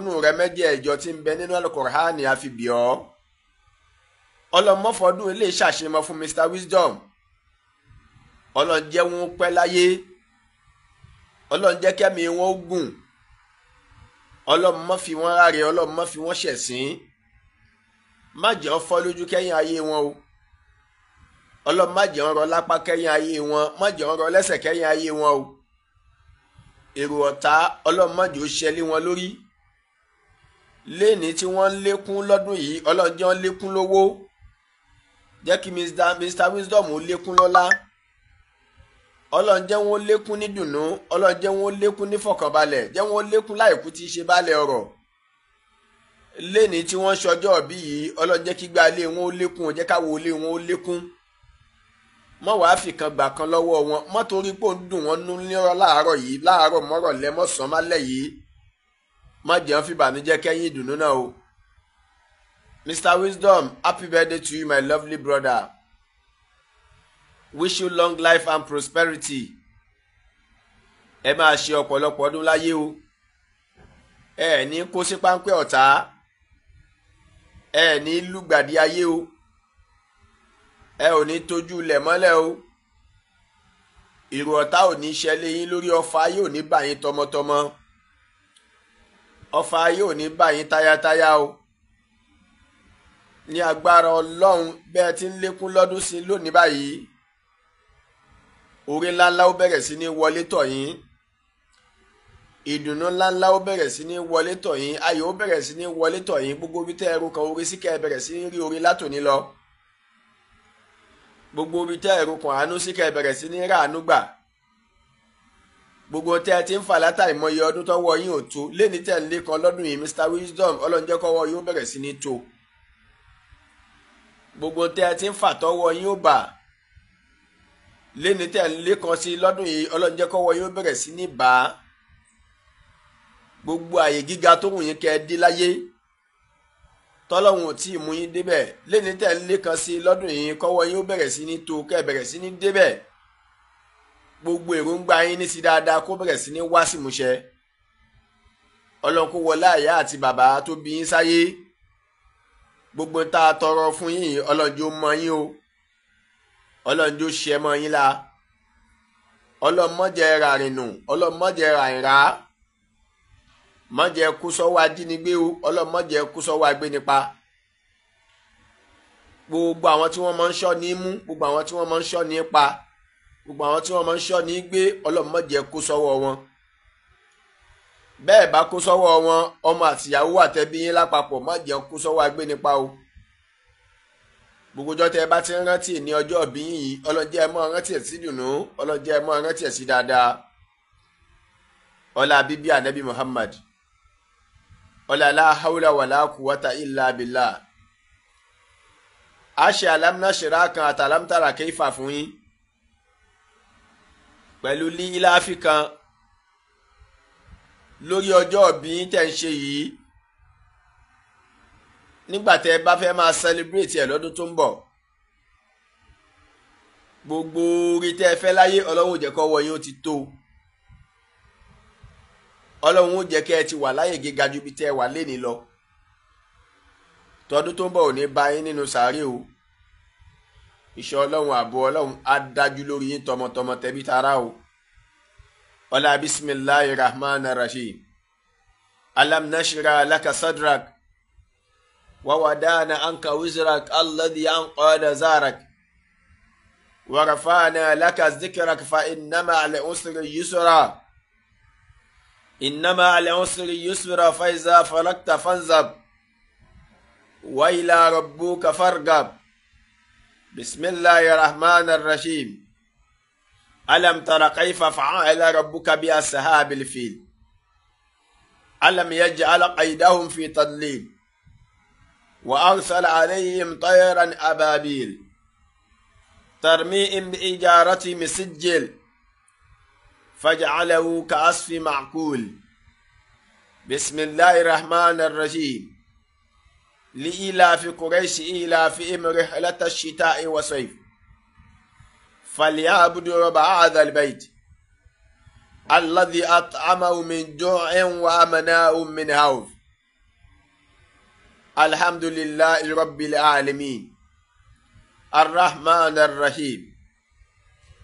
nínú rẹ mẹ́jẹ̀ẹ̀jọ tí ń bẹ nínú Al-Qur'ani àfibì ọ́ ọlọ́mọ́fọdún ilé ṣàṣemọ fún Mr Wisdom ọlọ́njẹ́ wọn pẹ́ láyé ọlọ́njẹ́ kẹ́mi wọn gùn ọlọ́mọ́ fi wọ́n ráre ọlọ́mọ́ fi wọ́n ṣẹ̀sín má jẹ́ ó fọ́ lójú kẹ́yìn ayé wọn o ọlọ́mọ́ má jẹ́ ó rọ lápá kẹ́yìn ayé wọn má jẹ́ ó rọ lẹ́sẹ̀ kẹ́yìn ayé wọn o èrò ọ̀tá ọlọ́mọ́ jò ṣẹlé wọn lórí léèní tí wọ́n ń lékún lọ́dún yìí ọlọ́run jẹ́ wọ́n lékún lówó jẹ́ kí Mr Wisdom lékún lọ́lá ọlọ́run jẹ́ wọ́n lékún ní dùnú ọlọ́run jẹ́ wọ́n lékún ní fọkànbalẹ̀ jẹ́ wọ́n lékún láìkú tí í ṣe baálẹ̀ ọrọ̀ léèní tí wọ́n ń ṣọjọ́ bí yìí ọlọ́run jẹ́ kí gbalé wọn ó lékún jẹ́ káwọ ilé wọn ó lékún mọ wàá fìkan gbà kan lọ́wọ́ wọn mọ́tò orí pò ń dùn wọ́n nú ní láàárọ̀ yìí láàárọ̀ mọ́rọ̀ lẹ́mọ̀sán málẹ̀ yìí má jẹun fìbànújẹ́ kẹ́yìn ìdùnnú náà o. Mr. Wisdom, happy birthday to you, my lovely brother. Wish you long life and prosperity. Ẹ máa ṣe ọ̀pọ̀lọpọ̀ ọdún láyé o. Ẹ ní kó sí páńpẹ́ ọ̀tá. Ẹ ní lùgbàdì ayé o. Ẹ ò ní tójú ilẹ̀ mọ́lẹ̀ o. Ìrù ọ̀tá ò ní ṣẹlẹ̀ yín lórí ọfà yóò ní bàyín tọmọtọmọ ọfà yóò ní báyìí tayátayá o ní agbára ọlọ́run bẹ́ẹ̀ ti ń lékún lọ́dún sí lónìí báyìí orí ńláńlá ó bẹ̀rẹ̀ sí ní wọlé tọ̀ yín ìdùnnú ńláńlá ó bẹ̀rẹ̀ sí ní wọlé tọ̀ yín ayọ̀ ó bẹ̀rẹ̀ sí ní wọlé tọ̀ yín gbogbo ibi tẹ́ ẹrú kan orí síkẹ́ ẹ bẹ̀rẹ̀ sí ní rí orí látòní lọ gbogbo ibi tẹ́ ẹrú kan àánú síkẹ́ ẹ bẹ̀rẹ̀ sí ní rà àánú gbà gbogbo tẹ́ ẹ ti ń fà látàrí mọye ọdún tọ́wọ́ yín ò tó léni tẹ̀ ń lé kan lọ́dún yìí Mr Wisdom ọlọ́njẹ́kọ́wọ́ yóò bẹ̀rẹ̀ sí ní tó gbogbo tẹ́ ẹ ti ń fà tọ́wọ́ yín ò bà léni tẹ̀ ń lé kan sí lọ́dún yìí ọlọ́njẹ́kọ́wọ́ yóò bẹ̀rẹ̀ sí ní bà á gbogbo àyè gíga tó wù yín kẹ́ ẹ dé láyé tọ́lọ́hún ò tí ì mú yín débẹ̀ léni tẹ̀ ń lé kan sí lọ́dún yìí kọ́wọ́ yín bẹ̀rẹ̀ sí ní tó kẹ́ bẹ̀rẹ̀ sí ní débẹ̀ gbogbo èròǹgbà yín ní ti dáadáa kó bẹ̀rẹ̀ sí ní wá sí ìmúṣẹ ọlọ́run kó wọlé àyà àti bàbá tó bí yín sáyé gbogbo tá a tọrọ fún yín ọlọ́run mọ yín o ọlọ́run jó mọ yín la ọlọ́run mọ̀jẹ̀ ràrìnù ọlọ́run mọ̀jẹ̀ ràìnrà mọ̀jẹ̀ kú sọ́wọ́ ajínigbé o ọlọ́run mọ̀jẹ̀ kú sọ́wọ́ agbénipa gbogbo àwọn tí wọ́n máa ń ṣọ́ ní mú gbogbo àwọn tí wọ́n máa ń ṣọ́ ní pa gbogbo àwọn tí wọ́n máa ń ṣọ́ ní gbé ọlọ́run má jẹ́ kó sọ́wọ́ wọn bẹ́ẹ̀ bá kó sọ́wọ́ wọn ọmọ àtìyàwó àtẹbí yín lápapọ̀ má jẹ́ kó sọ́wọ́ agbénipa o gbogbo ọjọ́ tẹ́ ẹ bá ti ń rántí ní ọjọ́ ìbí yìí ọlọ́jẹ́ ẹ mọ́ rántí ẹ̀ sí dùnú ọlọ́jẹ́ ẹ mọ́ rántí ẹ̀ sí dáadáa ọlá bíbí ànábì Muhammad ọlá la hawla wala quwwata illa billah a ṣe alámúnáṣẹ́ra kan àtàlámútàrà kéfà fún yín pẹ̀lú líláfi kan lórí ọjọ́ ìbí tẹ̀ ń ṣe yìí nígbà tẹ́ bá fẹ́ máa celebrate ẹ̀ lọ́dún tó ń bọ̀ gbogbo orí tẹ́ ẹ fẹ́ láyé ọlọ́run ò jẹ́ ó ti tó ọlọ́run ó jẹ́ kẹ́ ẹ ti wà láyè gíga ju ibi tẹ́ ẹ wà lénìí lọ tọdún tó ń bọ̀ ò ní bá nínú sàárè o ìṣọ́ ọlọ́run ààbò ọlọ́run á dájú lórí yín tọmọtọmọ tẹbí tará o ọlá bisimilahi rahman rahim alam nashra alaka sadrak وودانا عنك وزرك الذي أنقذ زارك ورفعنا لك ذكرك فإنما على عسر يسرا إنما على عسر يسرا فإذا فرقت فانزب وإلى ربك فارغب بسم الله الرحمن الرحيم ألم تر كيف فعل ربك بأصحاب الفيل ألم يجعل قيدهم في تضليل وأرسل عليهم طيرا أبابيل ترميهم بإجارة مسجل فجعله كأصف معقول بسم الله الرحمن الرحيم لإيلاف قريش إيلاف إمر رحلة الشتاء والصيف فليعبدوا رب هذا البيت الذي أطعمه من جوع وأمناه من هوف الحمد لله رب العالمين الرحمن الرحيم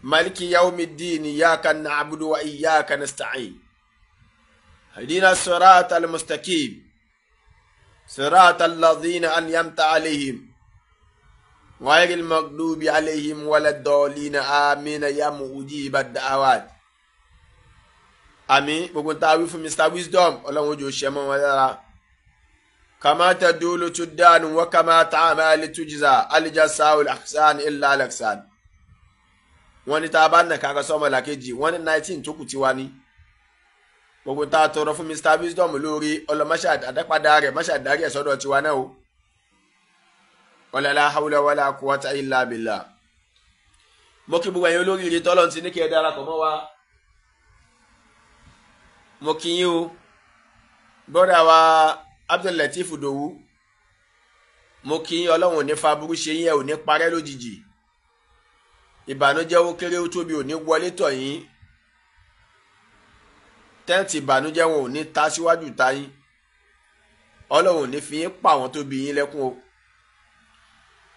ملك يوم الدين إياك نعبد وإياك نستعين هدينا الصراط المستقيم صراط الذين أنعمت عليهم غير المغضوب عليهم ولا الضالين آمين يا مجيب الدعوات àmì gbogbo ta wí fún mr wisdom ọlọ́run ojú ṣe mọ́ wọn lára kàmáta dúró tó dánù wọ́n kàmáta àmà àlètújìzà àlèjàsá olùhàṣán ilà alexan wọ́n ní tá a bá nà kákà sọ́mọ́ làkejì wọ́n ní nineteen tó kù ni gbogbo tá a tọrọ fún Mr Wisdom lórí ọlọmọṣà àdápadà rẹ mọṣà dárí ẹ sọ́dọ̀ tiwa náà o wàlálà hawla wàlà quwwata illa billah mo kí gbogbo ẹ̀yin olóríire tọ́lọ́ ti ní kí ẹ darapọ̀ mọ́ wa mo kí yín o bọ́dà wa Abdul Lateef Dowu mo kí yín ọlọ́run ò ní fa burú ṣe yín ẹ ò ní parẹ́ lójijì ìbànújẹ́ ó kéré tóbi ò ní wọlé tọ̀ yín tẹ́ǹtì ìbànújẹ́ wọn ò ní ta síwájú ta yín ọlọ́run ò ní fi yín pa àwọn tó bí yín lẹ́kún o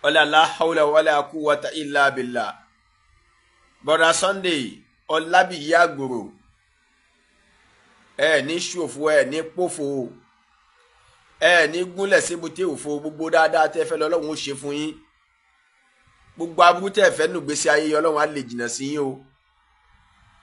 ọlá aláhàwùlà wàlà kú wata ilà abìlà bọ́dà Sunday ọlábìyí àgbòrò ẹ ní ṣòfò ẹ ní pòfò ẹ ní gúnlẹ̀ síbùté òfò gbogbo dáadáa tẹ́ fẹ́ lọ́lọ́run ó ṣe fún yín gbogbo aburú tẹ́ fẹ́ nùgbésí ayé ọlọ́run á lè jìnnà sí yín o.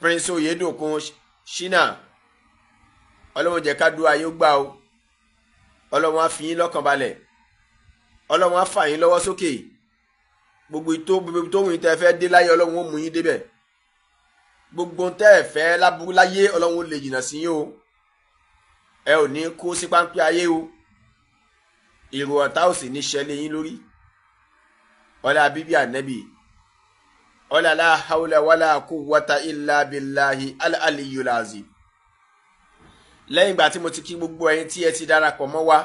prince oyedokun shina ọlọ́run jẹ́ ká dúró ayé gbà o ọlọ́run á fi yín lọ́kàn balẹ̀ ọlọ́run á fà yín lọ́wọ́ sókè gbogbo ìtó gbogbo tó wùn tẹ́ fẹ́ dé láyé ọlọ́run ó mú yín débẹ̀ gbogbo tẹ́ fẹ́ láburú láyé ọlọ́run ó lè jìnnà sí yín o ẹ ò ní kó sí páńpẹ́ ayé o èrò ọ̀tá ò sì ní ṣẹlẹ̀ yín lórí ọlá bíbí ànẹ́bì ọ̀là la hawla wala quwwata illa billahi al-aliyyul azim. lẹ́yìn ìgbà tí mo ti kí gbogbo ẹ̀yin tí ẹ ti darapọ̀ mọ́ wa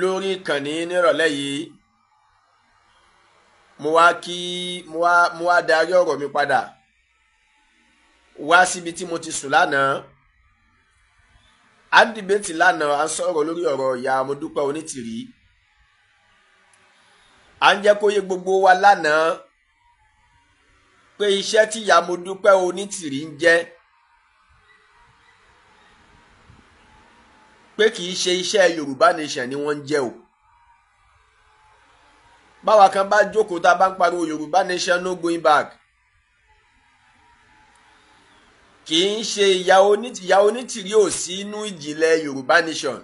lórí ìkànnì nírọ̀lẹ́ yìí mo wá kí mo wá mo wá darí ọ̀rọ̀ mi padà wá síbi tí mo ti sùn lánàá à ń dìbẹ́tì lánàá à ń sọ̀rọ̀ lórí ọ̀rọ̀ ìyá Modúpẹ́ Onítìrí à ń jẹ́ kó yé gbogbo wa lánàá pé iṣẹ́ tí ìyá mo dúpẹ́ onítìrí ń jẹ́ pé kì í ṣe iṣẹ́ Yorùbá nation ni wọ́n ń jẹ́ o báwa kan bá jókòó tá bá ń pariwo Yorùbá nation no going back kì í ṣe ìyá onítìrí ò sí inú ìjìnlẹ̀ Yorùbá nation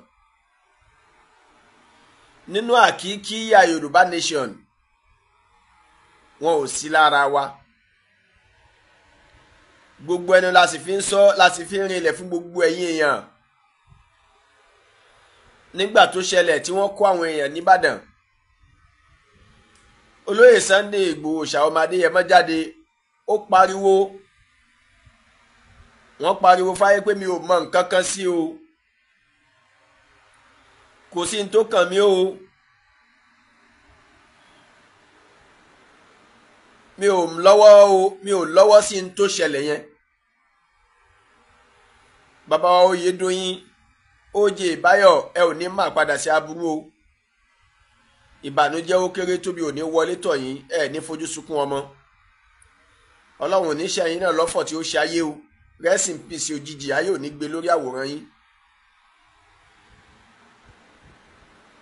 nínú àkíkí ìyá Yorùbá nation wọn ò sí lára wa gbogbo ẹnu la sì fi ń sọ la sì fi ń rinlẹ̀ fún gbogbo ẹ̀yin èèyàn nígbà tó ṣẹlẹ̀ tí wọ́n kó àwọn èèyàn nìbàdàn olóyè Sunday Ìgbòho Ṣàwọn Adéyẹmọ jáde ó pariwo wọ́n pariwo fáyé pé mi ò mọ nǹkan kan sí o kò sí ní kàn mí o mi ò lọ́wọ́ o mi ò lọ́wọ́ sí ní ṣẹlẹ̀ yẹn bàbá wa Oyèdóyìn Oyè Báyọ̀ ẹ ò ní má padà sí aburú o ìbànújẹ́ ó kéré tóbi ò ní wọlé tọ̀ yín ẹ ní fojú sunkún ọmọ ọlọ́run oníṣẹ́ yín náà lọ́fọ̀ tí ó ṣe ayé o rẹ́sìn pèsè òjijì ayé ò ní gbé lórí àwòrán yín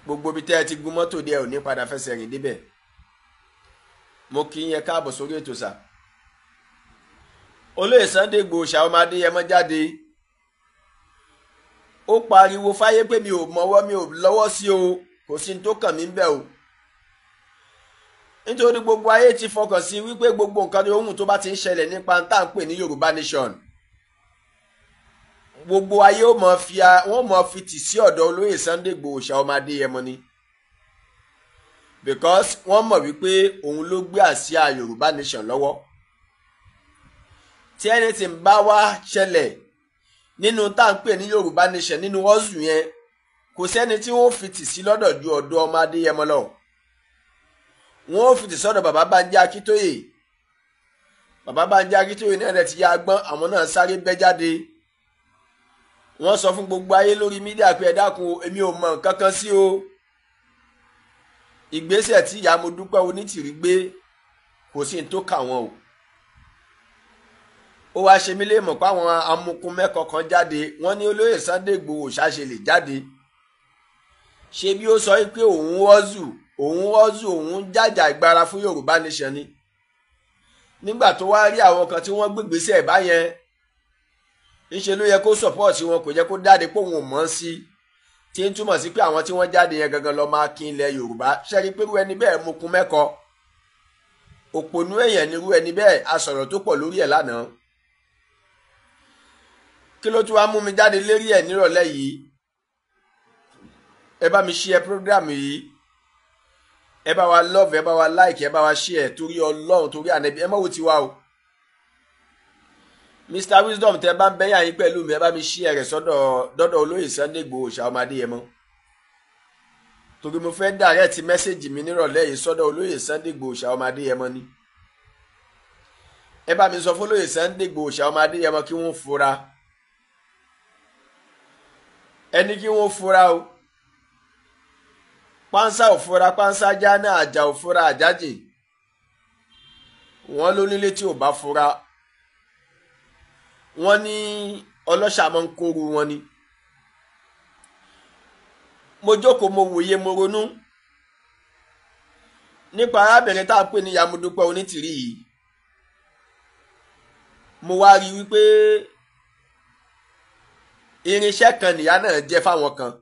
gbogbo ibi tẹ́ ẹ ti gun mọ́tò dé ẹ ò ní padà fẹsẹ̀ rìn débẹ̀ mo kí yẹn káàbọ̀ sórí ètò sà olóyè Sunday Igboho Ṣàwọn Adéyẹmọ jáde ó pariwo fáyé pé mi ò mọwọ́ mi ò lọ́wọ́ sí o kò sí ní tó kàn mí bẹ́ẹ̀ o nítorí gbogbo ayé ti fọkàn sí wípé gbogbo nǹkan ni ohun tó bá ti ń ṣẹlẹ̀ nípa tá à ń pè ní Yorùbá Nation gbogbo ayé ó mọ fi wọn mọ fi tì sí ọ̀dọ̀ olóyè Sunday Igboho ṣá ọmọ ni because wọ́n mọ̀ wípé òun ló gbé àsíá Yorùbá Nation lọ́wọ́ tí anything bá wá ṣẹlẹ̀ nínú tá à ń pè ní yorùbá nation nínú ọ́sùn yẹn kò sẹ́ni tí wọ́n fi tì sí lọ́dọ̀ ju ọ̀dọ̀ ọmọ adéyẹmọ lọ wọ́n fi tì sọ́dọ̀ bàbá banjẹ akíntóyè bàbá banjẹ akíntóyè náà rẹ̀ ti ya gbọ́n àwọn náà sáré bẹ́ jáde wọ́n sọ fún gbogbo ayé lórí mídíà pé ẹ dákun èmi ò mọ̀ nǹkan sí o ìgbésẹ̀ tí ìyá mo dúpẹ́ onítìrí gbé kò sí ní tó kà wọ́n o ó wáá ṣe mí léèmọ̀ páwọn amukun mẹ́kọ̀ọ́ kan jáde wọ́n ní olóyè Sunday Igboho ṣàṣe lè jáde ṣe bí ó sọ pé òun wọ́zù òun wọ́zù òun jàjà ìgbára fún Yorùbá nation ni nígbà tó wá rí àwọn kan tí wọ́n gbégbèsè ẹ̀ báyẹn ńṣe ló yẹ kó sọ̀pọ̀tì wọn kò yẹ kó dáde pé òun ò mọ̀ sí tí ń túmọ̀ sí pé àwọn tí wọ́n jáde yẹn gangan lọ máa kí ilẹ̀ Yorùbá ṣẹ́rí pé irú ẹni bẹ́ẹ̀ mokun mẹ́kọ òpònú èèyàn nírú ẹni bẹ́ẹ̀ a tó pọ̀ lórí ẹ̀ lánàá kí ló tún wá mú mi jáde lérí ẹ̀ nírọ̀lẹ́ yìí ẹ bá mi ṣí ẹ prógrámù yìí ẹ bá wa love ẹ bá wa like ẹ bá wa share torí ọlọ́run torí ànẹ́bí ẹ mọ̀ wò tiwa o Mr Wisdom tẹ bá ń bẹ́yà yín pẹ̀lú mi ẹ bá mi share rẹ̀ sọ́dọ̀ dọ́dọ̀ olóyè Sunday Igboho ṣàwọ́madé yẹn mọ́ torí mo fẹ́ direct mẹ́sẹ̀gì mi nírọ̀lẹ́ yìí sọ́dọ̀ olóyè Sunday Igboho ṣàwọ́madé yẹn mọ́ ni ẹ bá mi sọ fún olóyè Sunday Igboho ṣàwọ́madé yẹn mọ́ kí wọ́n fura. ẹni kí wọ́n fura o pánsá òfura pánsá náà àjà òfura àjájì wọ́n ló nílé tí ò bá fura wọ́n ní ọlọ́ṣà máa ń kóru wọn ni mo jókòó mo wòye mo ronú nípa arábìnrin tá a pè ní Onítìrí yìí mo wá rí wípé. irinṣẹ́ kan nìyá náà jẹ́ fáwọn kan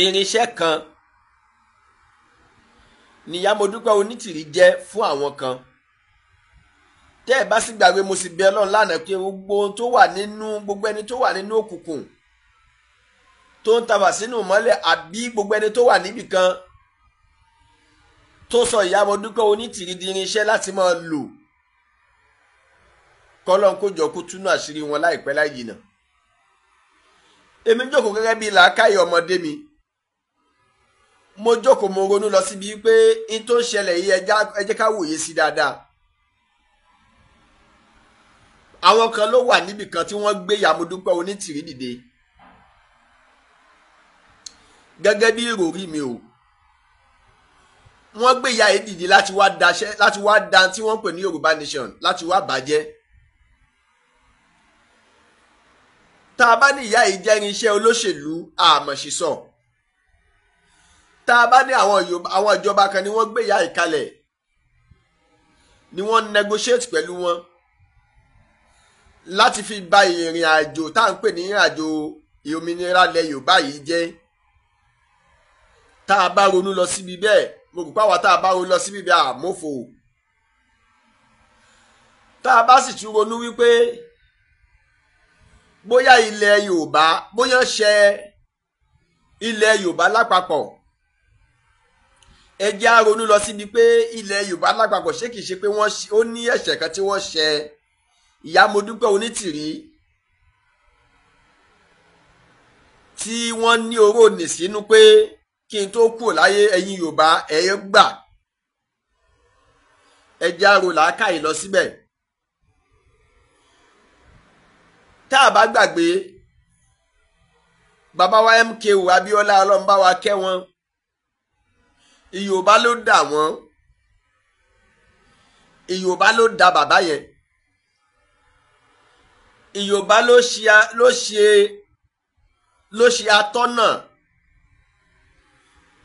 irinṣẹ́ kan nìyá mo dúpẹ́ onítìrí jẹ́ fún àwọn kan tẹ́ ẹ bá sì gbàgbé mo sì bẹ ọlọ́run lánàá pé gbogbo ohun tó wà nínú gbogbo ẹni tó wà nínú òkùnkùn tó ń tabà sínú mọ́lẹ̀ àbí gbogbo ẹni tó wà níbì kan tó sọ ìyá mo dúpẹ́ onítìrí di irinṣẹ́ láti máa lò kọ́lọ́n kó jọ kó túnú àṣírí wọn láìpẹ́ láì jìnà èmi jókòó gẹ́gẹ́ bíi làákàyè ọmọdé mi mo jókòó mo ronú lọ síbi pé n tó ń ṣẹlẹ̀ yìí ẹ jẹ́ ká wòye sí dáadáa àwọn kan ló wà níbì kan tí wọ́n gbé Yàmọ̀dúpẹ́ Onítìrí dìde gẹ́gẹ́ bí ìròrí mi o wọ́n gbé ìyá yìí láti wá da tí wọ́n pè ní Yorùbá Nation láti wá bàjẹ́ tá a bá ní ìyá yìí jẹ́ irinṣẹ́ olóṣèlú àmọ̀ṣísọ tá a bá ní àwọn ìjọba kan ni wọ́n gbé ìyá yìí kalẹ̀ ni wọ́n negotiate pẹ̀lú wọn láti fi ba ìrìn àjò tá à ń pè ní ìrìn àjò òmìnira ilẹ̀ Yorùbá yìí jẹ́ tá a bá ronú lọ síbi bẹ́ẹ̀ mo rò pé àwa tá a bá ronú lọ síbi bẹ́ẹ̀ àmófo tá a bá sì tún ronú wípé bóyá ilẹ̀ yorùbá bóyá ṣe ilẹ̀ yorùbá lápapọ̀ ẹ jẹ́ á ronú lọ síbi pé ilẹ̀ yorùbá lápapọ̀ ṣé kìí ṣe pé wọ́n ó ní ẹ̀ṣẹ̀ kan tí wọ́n ṣe ìyá mo dúpẹ́ onítìrí tí wọ́n ní oró nì sínú pé kí n tó kúrò láyé ẹ̀yin yorùbá ẹ̀ gbà ẹ jẹ́ làákàyè lọ síbẹ̀. tá a bá gbàgbé bàbá wa MKO Abíọ́lá ọlọ́mbà wa kẹ́ wọn ìyòbá ló dà wọ́n ìyòbá ló da bàbá yẹn ìyòbá ló ṣe ló ṣe ló ṣe atọ́nà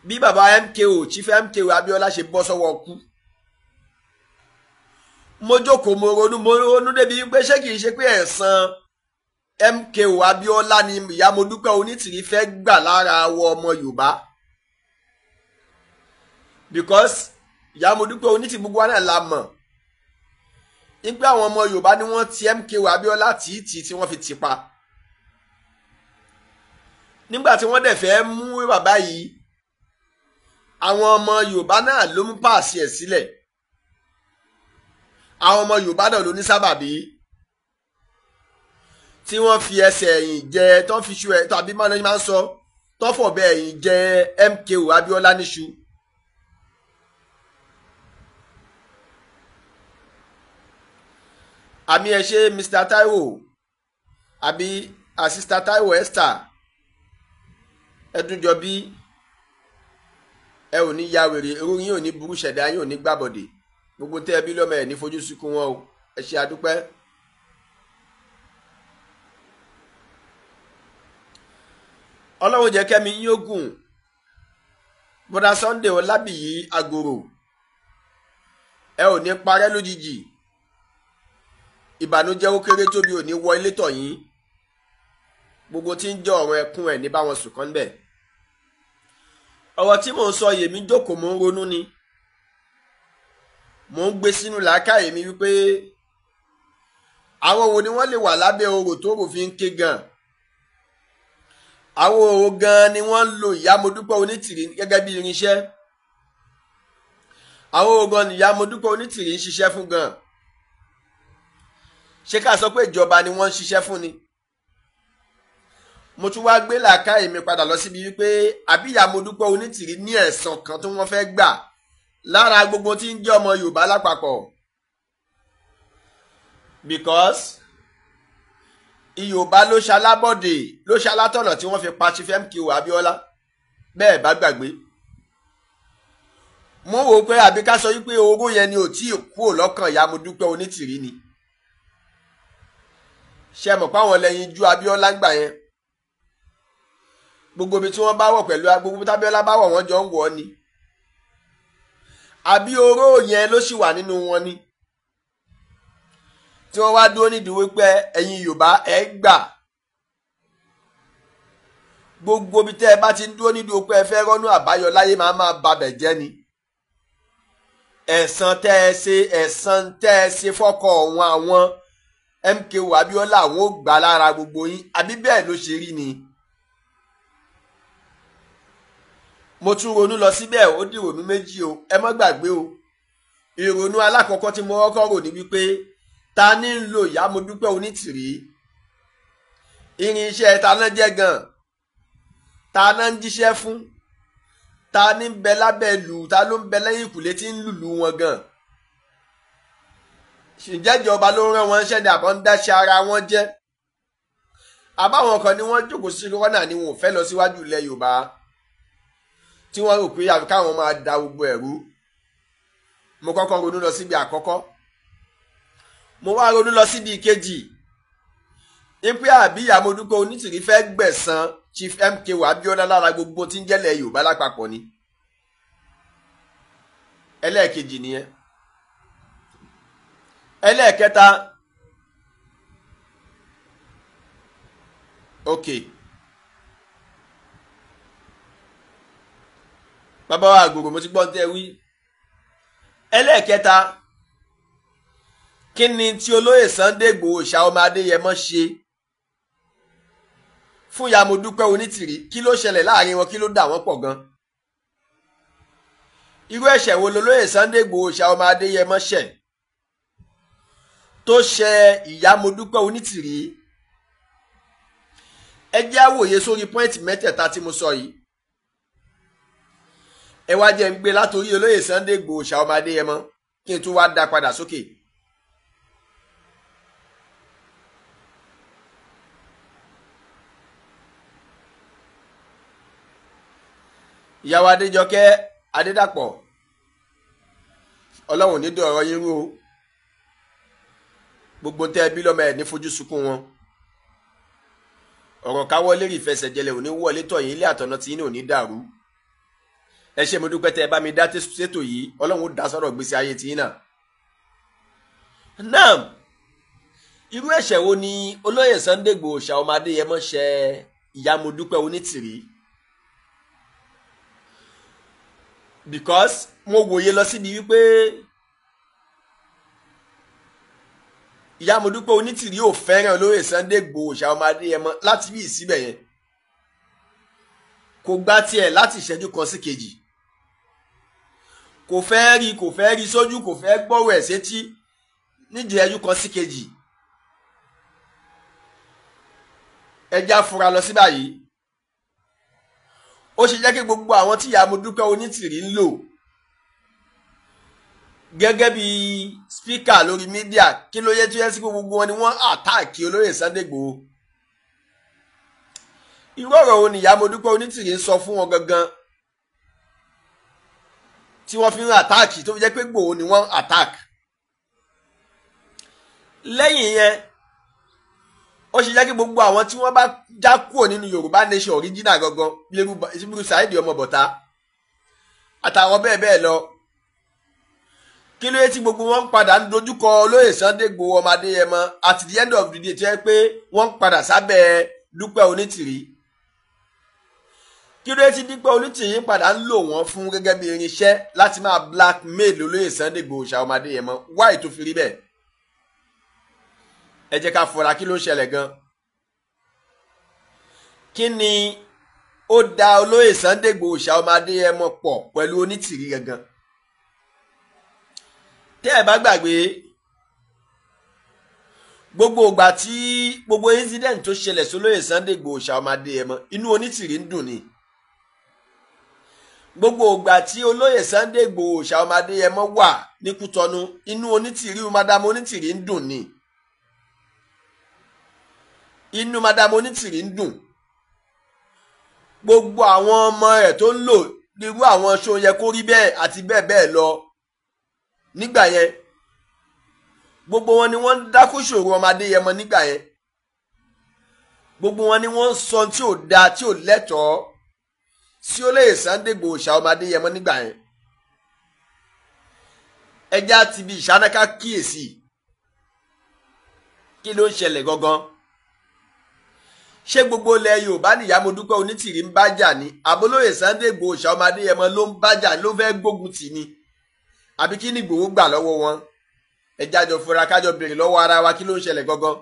bí bàbá MKO Chief MKO Abíọ́lá ṣe bọ́ sọ́wọ́ kú mo jókòó mo ronú mo ronú débi pé ṣé kìí ṣe pé ẹ̀san. MKO Abíọ́lá ni ìyá Modúpẹ́ Onítìrí fẹ́ gbà lára awọ ọmọ Yorùbá because ìyá Modúpẹ́ Onítìrí gbogbo wa náà la mọ̀ nígbà àwọn ọmọ Yorùbá ni wọ́n ti MKO Abíọ́lá tìítì tí wọ́n fi tì pa nígbà tí wọ́n dẹ̀ fẹ́ mú bàbá yìí àwọn ọmọ Yorùbá náà ló mú páàsì sílẹ̀ àwọn ọmọ Yorùbá náà ló ní sábàbí tí wọ́n fi ẹsẹ̀ ẹ̀yìn jẹ tó fi ṣu ẹ̀ tàbí mọ́ni máa ń sọ tó fọ̀bẹ ẹ̀yìn jẹ MKO Abíọ́lá níṣu. àmì ẹ ṣe Mr Taiwo àbí asista Taiwo Esther ẹdúnjọbí ẹ ò ní ya wèrè irú yín ò ní burú ṣẹ̀dá yín ò ní gbàbọ̀dè gbogbo tẹ́ ẹ bí lọ́mọ ẹ̀ ní fojú sunkún wọn o ẹ ṣe àdúpẹ́. ọlọ́run jẹ́ kẹ́mi yín ó gùn bọ́dà Sunday Ọlábìyí Àgòrò ẹ ò ní parẹ́ lójijì ìbànújẹ́ ó kéré tóbi ò ní wọ ilé tọ̀ yín gbogbo tí ń jẹ́ ọ̀rọ̀ ẹkún ẹ̀ ní báwọn sùn kán bẹ̀. ọ̀rọ̀ tí mò ń sọ yèmí jókòó mò ń ronú ni mò ń gbé sínú làákàyè mi wípé àwọn wo ni wọ́n lè wà lábẹ́ orò tó rò fi ń ké gan-an àwọn òwò gan ni wọ́n ń lo ìyá mo dúpẹ́ onítìrí gẹ́gẹ́ bí irinṣẹ́ àwọn òwò gan ni ìyá mo dúpẹ́ onítìrí ń ṣiṣẹ́ fún gan ṣé ká sọ pé ìjọba ni wọ́n ń ṣiṣẹ́ fún ni mo tún wáá gbé làákàyè mi padà lọ síbi wípé àbí ìyá mo dúpẹ́ onítìrí ní ẹ̀san kan tí wọ́n fẹ́ gbà lára gbogbo tí ń jẹ́ ọmọ Yorùbá lápapọ̀ because ìyòbá ló ṣalábọ́dè ló ṣalátọ̀nà tí wọ́n fi pa chief MKO Abiola bẹ́ẹ̀ bá gbàgbé mo wò ó pé àbí ká sọ wípé ogún yẹn ni ò tí ì kúrò lọ́kàn ìyá mo dúpẹ́ onítìrí ni ṣe mọ̀ páwọn lẹ́yìn ju Abiola gbà yẹn gbogbo ibi tí wọ́n bá wọ̀ pẹ̀lú gbogbo tábíọ́lá bá wọ̀ wọ́n jọ ń wọ̀ ni àbí oró yẹn ló sì wà nínú wọn ni tí wọ́n wá dúró nídìí wípé ẹ̀yin yorùbá ẹ gbà gbogbo bí tẹ́ ẹ bá ti ń dúró nídìí wípé ẹ fẹ́ rọ́nú àbáyọ láyé máa máa babẹ̀ jẹ́ ni ẹ̀san tẹ́ ẹ ṣe ẹ̀san tẹ́ ẹ ṣe fọ́kọ̀ ọ̀hún àwọn MKO Abiola àwọn ò gbà lára gbogbo yín àbí bẹ́ẹ̀ ló ṣe rí ni. mo tún ronú lọ síbẹ̀ ó dìrònú méjì o ẹ má gbàgbé o ìrònú alákọ̀ọ́kọ́ tí mo kọ́kọ́ rò ní wípé ta ní ń lo ìyá mo dúpẹ́ onítìrí irinṣẹ́ ta náà jẹ́ gan ta náà ń jíṣẹ́ fún ta ní ń bẹ lábẹ́ lù ta ló ń bẹ lẹ́yìn ìkùlé tí ń lùlù wọn gan ṣìjẹ́jọba ló rán wọn ṣẹ́ni àbọ̀ ń dáṣẹ́ ara wọn jẹ́ àbáwọn kan ni wọ́n jókòó sí kọ́nà ni wọn ò fẹ́ lọ síwájú ilẹ̀ Yorùbá tí wọ́n rò pé àfi káwọn máa da gbogbo ẹ̀rú mo kọ́kọ́ ronú lọ síbi àkọ́kọ́ mo wá ronú lọ síbi ìkejì ipe àbí àmọdúkọ onítìrí fẹ́ gbẹ̀san Chief MKO Abiola lára gbogbo tí ń jẹ́lẹ̀ Yorùbá lápapọ̀ ni ẹlẹ́ẹ̀kejì nìyẹn ẹlẹ́ẹ̀kẹta ok bàbá wa àgbòrò mo ti gbọ́ ń tẹ́ wí ẹlẹ́ẹ̀kẹta kí ni tí olóyè Sunday Igboho ṣàwọn Adéyẹmọ ṣe fún Yàmọ̀dúpẹ́ Onítìrí kí ló ṣẹlẹ̀ láàrin wọn kí ló dà wọ́n pọ̀ gan irú ẹ̀ṣẹ̀ wo lolóyè Sunday Igboho ṣàwọn Adéyẹmọ ṣẹ̀ tó ṣe Ìyàmọ̀dúpẹ́ Onítìrí ẹ jẹ́ àwòye sórí pọ́ìntì mẹ́tẹ̀ẹ̀ta tí mo sọ yìí ẹ wá jẹ́ ń gbé látòrí olóyè Sunday Igboho ṣàwọn Adéyẹmọ kí n tún wá dá padà sókè. Okay ìyàwó adéjọkẹ́ adédàpọ̀ ọlọ́run nídìí ọ̀rọ̀ yín rú o gbogbo tẹ́ ẹbí lọ́mọ ẹ̀ ní fojú sunkún wọn ọ̀rọ̀ káwọ́ lérí ìfẹsẹ̀jẹlẹ̀ òní wọlé tọ̀yìn ilé àtọ̀nà tí yín ò ní dàrú ẹ ṣe mo dúpẹ́ tẹ́ ẹ bá mi dá ṣètò yìí ọlọ́run ó dá sọ̀rọ̀ gbèsè ayé tí yín náà. náà irú ẹ̀ṣẹ̀ wo ni olóyè Sunday Igboho ọmọ Adéyẹmọ ṣe ìyá mo dúpẹ́ onítìrí because mo wòye lọ síbi wípé ìyá mo dúpẹ́ onítìrí ò fẹ́ràn olóyè Sunday Igboho ṣá ọmọ Adéyẹmọ láti bí ìsíbẹ̀ yẹn kò gbá tiẹ̀ láti ìṣẹ́jú kan sí kejì kò fẹ́ rí kò fẹ́ rí sójú kò fẹ́ gbọ́rọ̀ ẹ̀ sétí nídìí ẹjú kan sí kejì ẹjẹ́ afura lọ sí báyìí ó ṣe jẹ́ kí gbogbo àwọn tí ìyá Modúpẹ́ Onítìrí ń lò gẹ́gẹ́ bí spíkà lórí mídíà kí ló yẹ tó yẹ sí pé gbogbo wọn ni wọ́n àtáàkì olóyè Sunday Igboho irú ọ̀rọ̀ wo ni ìyá Modúpẹ́ Onítìrí ń sọ fún wọn gangan tí wọ́n fi ń àtáàkì tó fi jẹ́ pé Ìgbòho ni wọ́n àtáàkì lẹ́yìn yẹn ó ṣe jẹ́ kí gbogbo àwọn tí wọ́n bá já kúrò nínú yorùbá nation original gangan lérú saheed ọmọ bọ̀tá àtàwọn bẹ́ẹ̀ bẹ́ẹ̀ lọ kí ló yẹ tí gbogbo wọn ń padà ń dojúkọ olóyè Sunday Igboho ọmọ Adéyẹmọ at the end of the day tó yẹ pé wọ́n ń padà sábẹ́ Dúpẹ́ Onítìrí kí ló yẹ tí Dúpẹ́ Onítìrí padà ń lò wọ́n fún gẹ́gẹ́ bí irinṣẹ́ láti máa blackmail olóyè Sunday Igboho ọmọ Adéyẹmọ why tó fi rí bẹ́ẹ̀ ẹ jẹ́ ká fura kí ló ń ṣẹlẹ̀ gan. kí ni ó da olóyè Sunday Igboho Òòṣà ọmọ Adéyẹmọ pọ̀ pẹ̀lú Onítìrí gangan. tẹ́ ẹ bá gbàgbé gbogbo ìgbà tí gbogbo incident tó ṣẹlẹ̀ sólóyè Sunday Igboho Òòṣà ọmọ Adéyẹmọ inú Onítìrí ń dùn ni gbogbo ìgbà tí olóyè Sunday Igboho Òòṣà ọmọ Adéyẹmọ wà ní Kútọ̀nù inú Onítìrí madam Onítìrí ń dùn ni inú madam onítìrí ń dùn gbogbo àwọn ọmọ ẹ̀ tó ń lò nírú àwọn aṣọ yẹ kó rí bẹ́ẹ̀ àti bẹ́ẹ̀ bẹ́ẹ̀ lọ nígbà yẹn gbogbo wọn ni wọ́n ń dákúṣòro ọmọdé yẹn mọ nígbà yẹn gbogbo wọn ni wọ́n ń sọ tí ò da tí ò lẹ́tọ̀ọ́ tí ó lè sàǹdègbò òòṣà ọmọdé yẹn mọ nígbà yẹn ẹjẹ́ àti ibi ìṣáná kíyèsí kí ló ń ṣẹlẹ̀ gangan ṣé gbogbo ilẹ̀ yorùbá nìyá mo dúpẹ́ onítìrí ń bájà ni abolóye Sunday Igboho ọmọ adéyẹmọ ló ń bájà ló fẹ́ gbógun tì ni àbí kí ni Igboho gbà lọ́wọ́ wọn ẹ jájọ fura kájọ béèrè lọ́wọ́ ara wa kí ló ń ṣẹlẹ̀ gangan.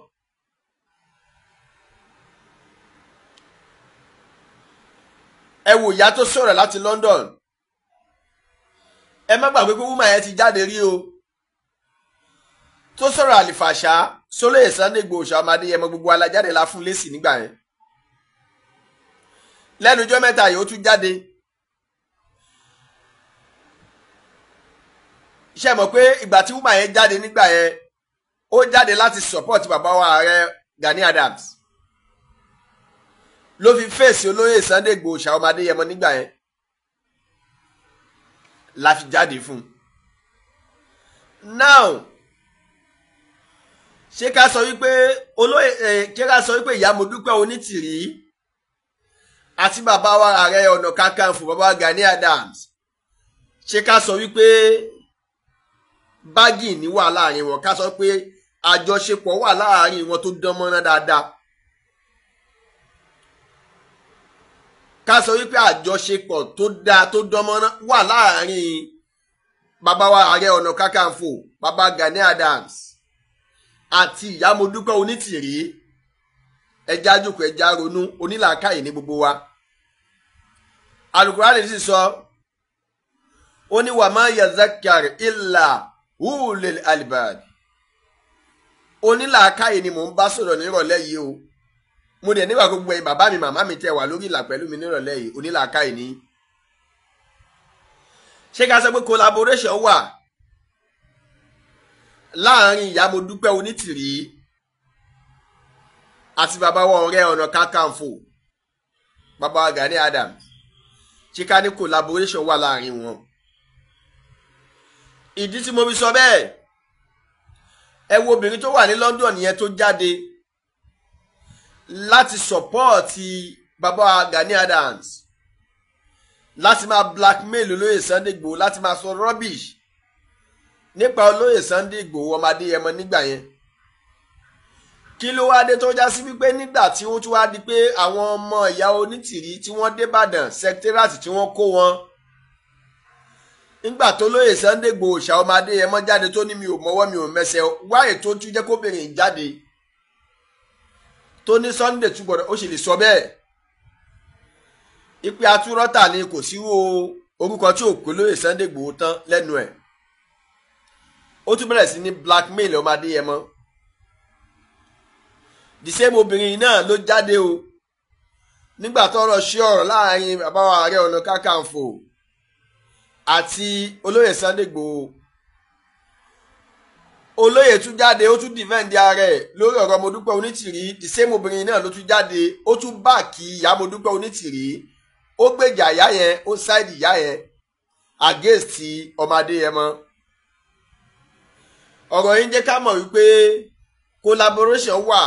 ẹ wò ìyá tó sọ̀rọ̀ láti London ẹ má gbàgbé pé wúmà yẹn ti jáde rí o tó sọ̀rọ̀ àlìfàṣà. Sunday Sunday Igboho Ṣàwọn Adéyẹmọ gbogbo alájáde la fún lésì nígbà yẹn lẹ́nujọ́ mẹ́ta yìí ó tún jáde ṣe mọ̀ pé ìgbà tí wúmà yẹn jáde nígbà yẹn ó jáde láti support bàbá wa ààrẹ Gani Adams ló fi fèsì olóyè Sunday Igboho Ṣàwọn Adéyẹmọ nígbà yẹn la fi jáde fún un now ṣé ká sọ wípé olóyè ṣé ká sọ wípé ìyá Mọ́dúpẹ́ Onítìrí àti bàbá wa ààrẹ ọ̀nà kakanfò bàbá Gani Adams ṣé ká sọ wípé báàgì ni wà láàrin wọn ká sọ pé àjọṣepọ̀ wà láàrin wọn tó dán mọ́ná dáadáa ká sọ wípé àjọṣepọ̀ tó dáa tó dán mọ́ná wà láàrin bàbá wa ààrẹ ọ̀nà kakanfò bàbá Gani Adams àti ìyá mo dúpẹ́ onítìrí ẹja àjòkò ẹja ronú onílàákàyè ní gbogbo wa alukurani sì sọ ó ní wàmá yazakari ilà húlẹ̀ alibad onílàákàyè ni mò ń bá sọ̀rọ̀ nírọ̀lẹ́ yìí o mo dẹ̀ nígbà gbogbo ẹ̀ bàbá mi màmá mi tẹ wà lórí ìlà pẹ̀lú mi nírọ̀lẹ́ yìí onílàákàyè ni ṣé ká sọ pé collaboration wà láàrin ìyá mo dúpẹ́ onítìrí àti bàbá wa ọ̀rẹ́ ọ̀nà kakanfò bàbá Gani Adams chika ní collaboration wà láàrin wọn ìdí tí mo fi sọ bẹ́ẹ̀ ẹ wo obìnrin tó wà ní London yẹn tó jáde láti sọpọ́ọ̀tì bàbá Gani Adams láti máa blackmail olóyè Sunday Igboho láti máa sọ rubbish nípa olóyè Sunday Ìgbòho ọmọ Adéyẹmọ nígbà yẹn kí ló wá dé tó já sí wípé nígbà tí wọ́n tún wá di pé àwọn ọmọ ìyá onítìrí tí wọ́n dé Ìbàdàn sẹkítẹ́rìàtì tí wọ́n kó wọn nígbà tó lóyè Sunday Ìgbòho ṣà ọmọ Adéyẹmọ jáde tó ní mi ò mọwọ́ mi ò mẹsẹ̀ wá ètò tún jẹ́ kóbìnrin jáde tó ní Sunday tún gbọdọ̀ ó sì lè sọ bẹ́ẹ̀ ìpè atúrọ́tà ni kò sí orúkọ tí ò pé lóyè Sunday Ìgbòho tán lẹ́nu ẹ̀ Otu tún si ni blackmail ọmọ adéyẹmọ the same obìnrin náà ló jáde o nígbà tọ́rọ̀ sí ọ̀rọ̀ láàrin bàbá wa ààrẹ ọ̀nà kákàǹfò àti olóyè Sunday Igboho olóyè tún jáde ó tún dìfẹ́ǹdì ààrẹ lórí ọ̀rọ̀ Modúpẹ́ Onítìrí the same obìnrin náà ló tún jáde ó tún bá kí ìyá Modúpẹ́ Onítìrí ó gbèjà ìyá yẹn ó ṣáìdì ìyá yẹn against ọmọ Adéyẹmọ ọ̀rọ̀ yìí ń jẹ́ ká mọ̀ wípé collaboration wà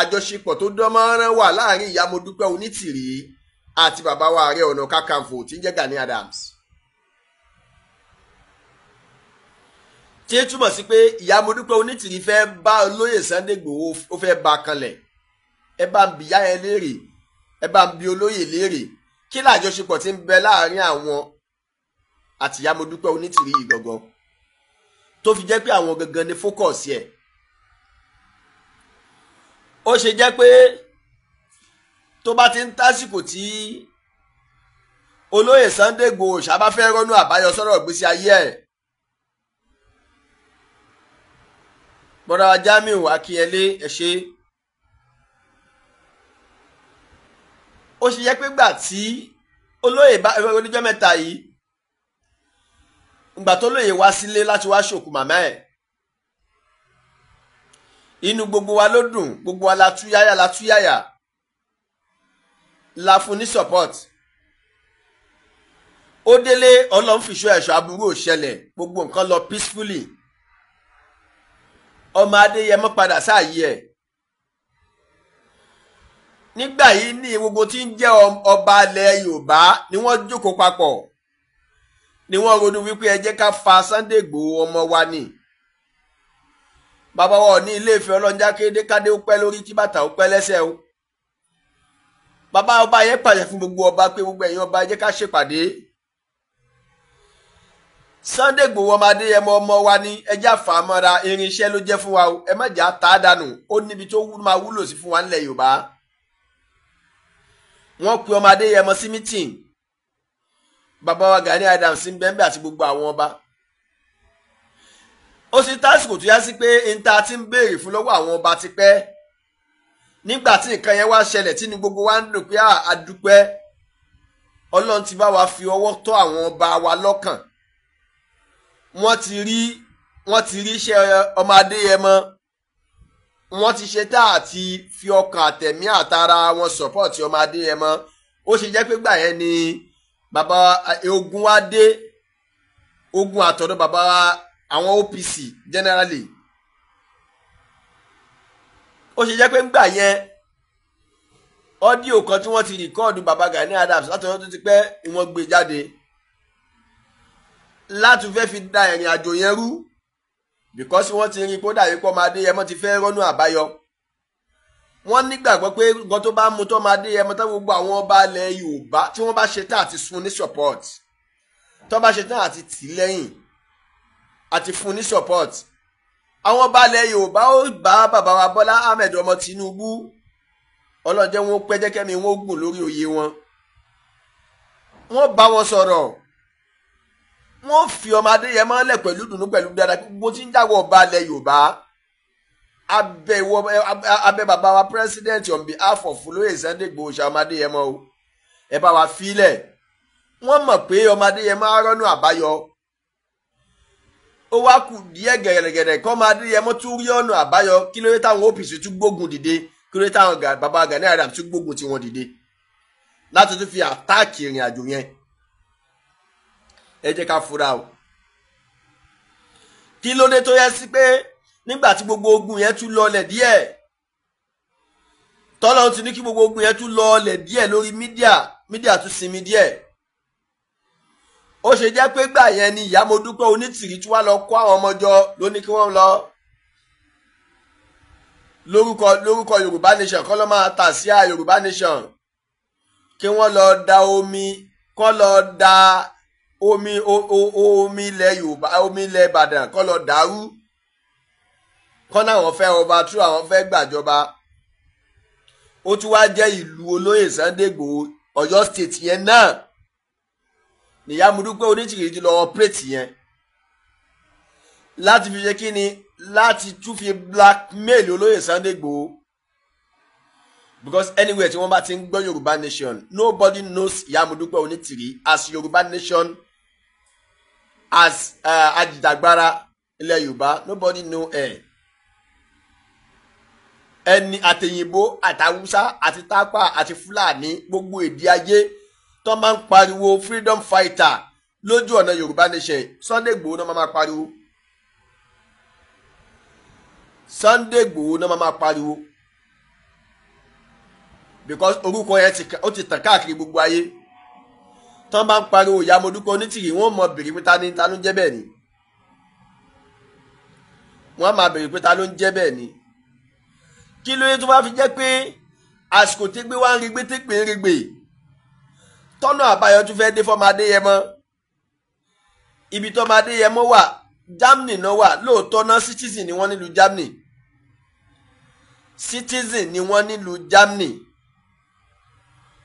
àjọṣepọ̀ tó dán mọ́rán wà láàrin ìyá Modúpẹ́ Onítìrí àti bàbá wa Ààrẹ Ọ̀nà Kakanfò tí ń jẹ́ Gani Adams. tí ó túmọ̀ sí pé ìyá Modúpẹ́ Onítìrí fẹ́ bá olóyè Sunday Igboho ó fẹ́ bá kanlẹ̀ ẹ bá ń bi ìyá yẹn léèrè ẹ bá ń bi olóyè léèrè kí làjọṣepọ̀ ti ń bẹ láàrin àwọn àti ìyá Modúpẹ́ Onítìrí yìí tó fi jẹ́ pé àwọn gangan ni fókọ̀sì ẹ̀ ó ṣe jẹ́ pé tó bá ti ń tásìkò tí olóyè Sunday Igboho ṣábà fẹ́ rọ́nú àbáyọ sọ̀rọ̀ ìgbésí ayé ẹ̀ bọ́dà Jamiu Akinyele ẹ̀ ṣe ó ṣe jẹ́ pé gbà tí olóyè bá oníjọ́ mẹ́ta yìí ìgbà tó lóye wá sílé láti wá ṣòkú màmá ẹ̀ inú gbogbo wa ló dùn gbogbo wa la túyáyà la túyáyà la fún ní support ó délé ọlọ́run fìṣọ́ ẹ̀ṣọ́ aburú ò ṣẹlẹ̀ gbogbo nǹkan lọ peacefully ọmọ adéyẹmọ padà sáàyè ẹ̀ nígbà yìí ní gbogbo tí ń jẹ́ ọba ilẹ̀ yorùbá ni wọ́n jókòó papọ̀ ni wọ́n ronú wípé ẹ jẹ́ ká fa Sunday Igboho ọmọ wa ni bàbá wa ò ní ilé Ifẹ̀ ọlọ́njà kéde kádé ó pẹ́ lórí tí bàtà ó pẹ́ lẹ́sẹ̀ o bàbá ọba yẹn pàṣẹ fún gbogbo ọba pé gbogbo ẹ̀yin ọba ẹ jẹ́ ká ṣèpàdé Sunday Igboho ọmọ Adéyẹmọ ọmọ wa ni ẹ jẹ́ àfàmọ́ra ló jẹ́ fún wa o ẹ má jà tá a dànù ó níbi tó máa wúlò sí fún wa nílẹ̀ Yorùbá wọ́n pe ọmọ Adéyẹmọ sí mítìnì bàbá wa Gani adam ń bẹ́ńbẹ́ àti gbogbo àwọn ọba ó sì tásìkò tó yá sí pé níta ti ń béèrè fún lọ́wọ́ àwọn ọba ti pẹ́ nígbà tí nǹkan yẹn wá ṣẹlẹ̀ tí ni gbogbo wa ń dùn pé ah, a dúpẹ́ ọlọ́run ti bá wa fi ọwọ́ tọ́ àwọn ọba wa lọ́kàn wọ́n ti rí wọ́n ti rí iṣẹ́ ọmọ adéyẹmọ wọ́n ti ṣe tá àti fi ọkàn àtẹ̀mí àtara wọn sọ̀pọ̀tì ọmọ adéyẹmọ ó ṣe jẹ́ pé gbà yẹn ni. Baba, e, ogun wa dé ogun àtọ̀dọ̀ bàbá àwọn OPC generally ó ṣe jẹ́ pé ńgbà yẹn ọ́díò kan tí wọ́n ti rìkọ́ọ̀dù bàbá Gani Adams látọ̀dọ̀ tó ti pẹ́ ìwọ̀n gbé jáde láti fẹ́ fi da ìrìn àjò yẹn rú because wọ́n ti rí i kó dàbí pọ́ máa dé yẹn mọ́ ti fẹ́ rọ́nú àbáyọ wọ́n nígbàgbọ́ pé nǹkan tó bá mu tó máa dé ẹmọ tó gbogbo àwọn ọba ilẹ̀ Yorùbá tí wọ́n bá ṣe tán àti fún ní support tó bá ṣe tán àti tì lẹ́yìn àti fún ní support àwọn ọba ilẹ̀ Yorùbá ó bá bàbá wa Bọ́lá Ahmed ọmọ Tinubu ọlọ́jẹ́ wọn pẹ́ jẹ́kẹ́mi wọn ó gùn lórí oyè wọn wọ́n bá wọn sọ̀rọ̀ wọ́n fi ọmọ Adéyẹmọ lẹ̀ pẹ̀lú dùnú pẹ̀lú dáadáa gbogbo tí ń jáwọ́ ọba ilẹ̀ Yorùbá abẹ̀wọ̀ abẹ bàbá wa president on behalf of olóyè Sunday Igboho Ṣàun Adéyẹmọ o ẹ bá wa filẹ̀ wọ́n mọ̀ pé ọmọ Adéyẹmọ arọ́nù àbáyọ ó wá kù díẹ̀ gẹ̀rẹ̀gẹ̀rẹ̀ kọ́ ọmọ Adéyẹmọ tún rí ọ̀nà àbáyọ kí ló dé táwọn OPC tún gbógun dìde kí ló dé táwọn bàbá Gani Adam tún gbógun tiwọn dìde láti tún fi àtáàkì ìrìn àjò yẹn ẹ jẹ́ ká fura o kí ló dé tó yẹ sí pé nígbà tí gbogbo ogun yẹn tún lọlẹ̀ díẹ̀ tọ́lọ́run ti ní kí gbogbo ogun yẹn tún lọlẹ̀ díẹ̀ lórí mídíà mídíà tún sinmi díẹ̀ ó ṣe jẹ́ pé gbà yẹn ni ìyá mo dúpẹ́ onítìrí tí wàá lọ kó àwọn ọmọ jọ lóní kí wọ́n lọ lórúkọ lórúkọ yorùbá nation kọ́ ló máa tà sí à yorùbá nation kí wọ́n lọ da omi kọ́ lọ da omi o, o, omi ilẹ̀ yorùbá omi ilẹ̀ ìbàdàn kọ́ lọ dàrú. Da kọ́ náwọn fẹ́ ọba tú àwọn fẹ́ gbàjọba ó tún wá jẹ́ ìlú olóyè Sunday Igboho Ọ̀yọ́ state yẹn náà nìyá mudúpẹ́ oníṣìírí ti lọ ọpẹ́rẹ́tì yẹn láti fi ṣe kí láti tún fi blackmail olóyè Sunday Igboho because anywhere tí wọ́n bá ti ń gbọ́ Yorùbá nation nobody knows ìyá mudúpẹ́ onítìrí as Yorùbá nation as uh, ajìjàgbara ilẹ̀ Yorùbá nobody know her. Eh ẹni àtẹ̀yìnbó àtàwùsá àti tápà àti fúlàní gbogbo èdè ayé tó máa ń pariwo freedom fighter lójú ọ̀nà yorùbá nation Sunday Igboho náà máa pariwo Sunday Igboho náà máa pariwo because orúkọ yẹn ó ti tàn káàkiri gbogbo ayé tó máa ń pariwo ìyá Modúkọ Onítìrì wọn mọ bèrè pé ta ni ta ló ń jẹ́ bẹ́ẹ̀ ni wọ́n máa bèrè pé ta ló ń jẹ́ bẹ́ẹ̀ ni kí ló yẹ tó bá fi jẹ́ pé àsìkò tégbé wá ń regbé tégbé ń regbè tọ́nà àbáyọ tún fẹ́ẹ́ dé fọ́mọ adéyẹmọ ibi tọ́mọ adéyẹmọ wà germany náà wà lóòótọ́ náà citizen ni wọ́n nílùú germany citizen ni wọ́n nílùú germany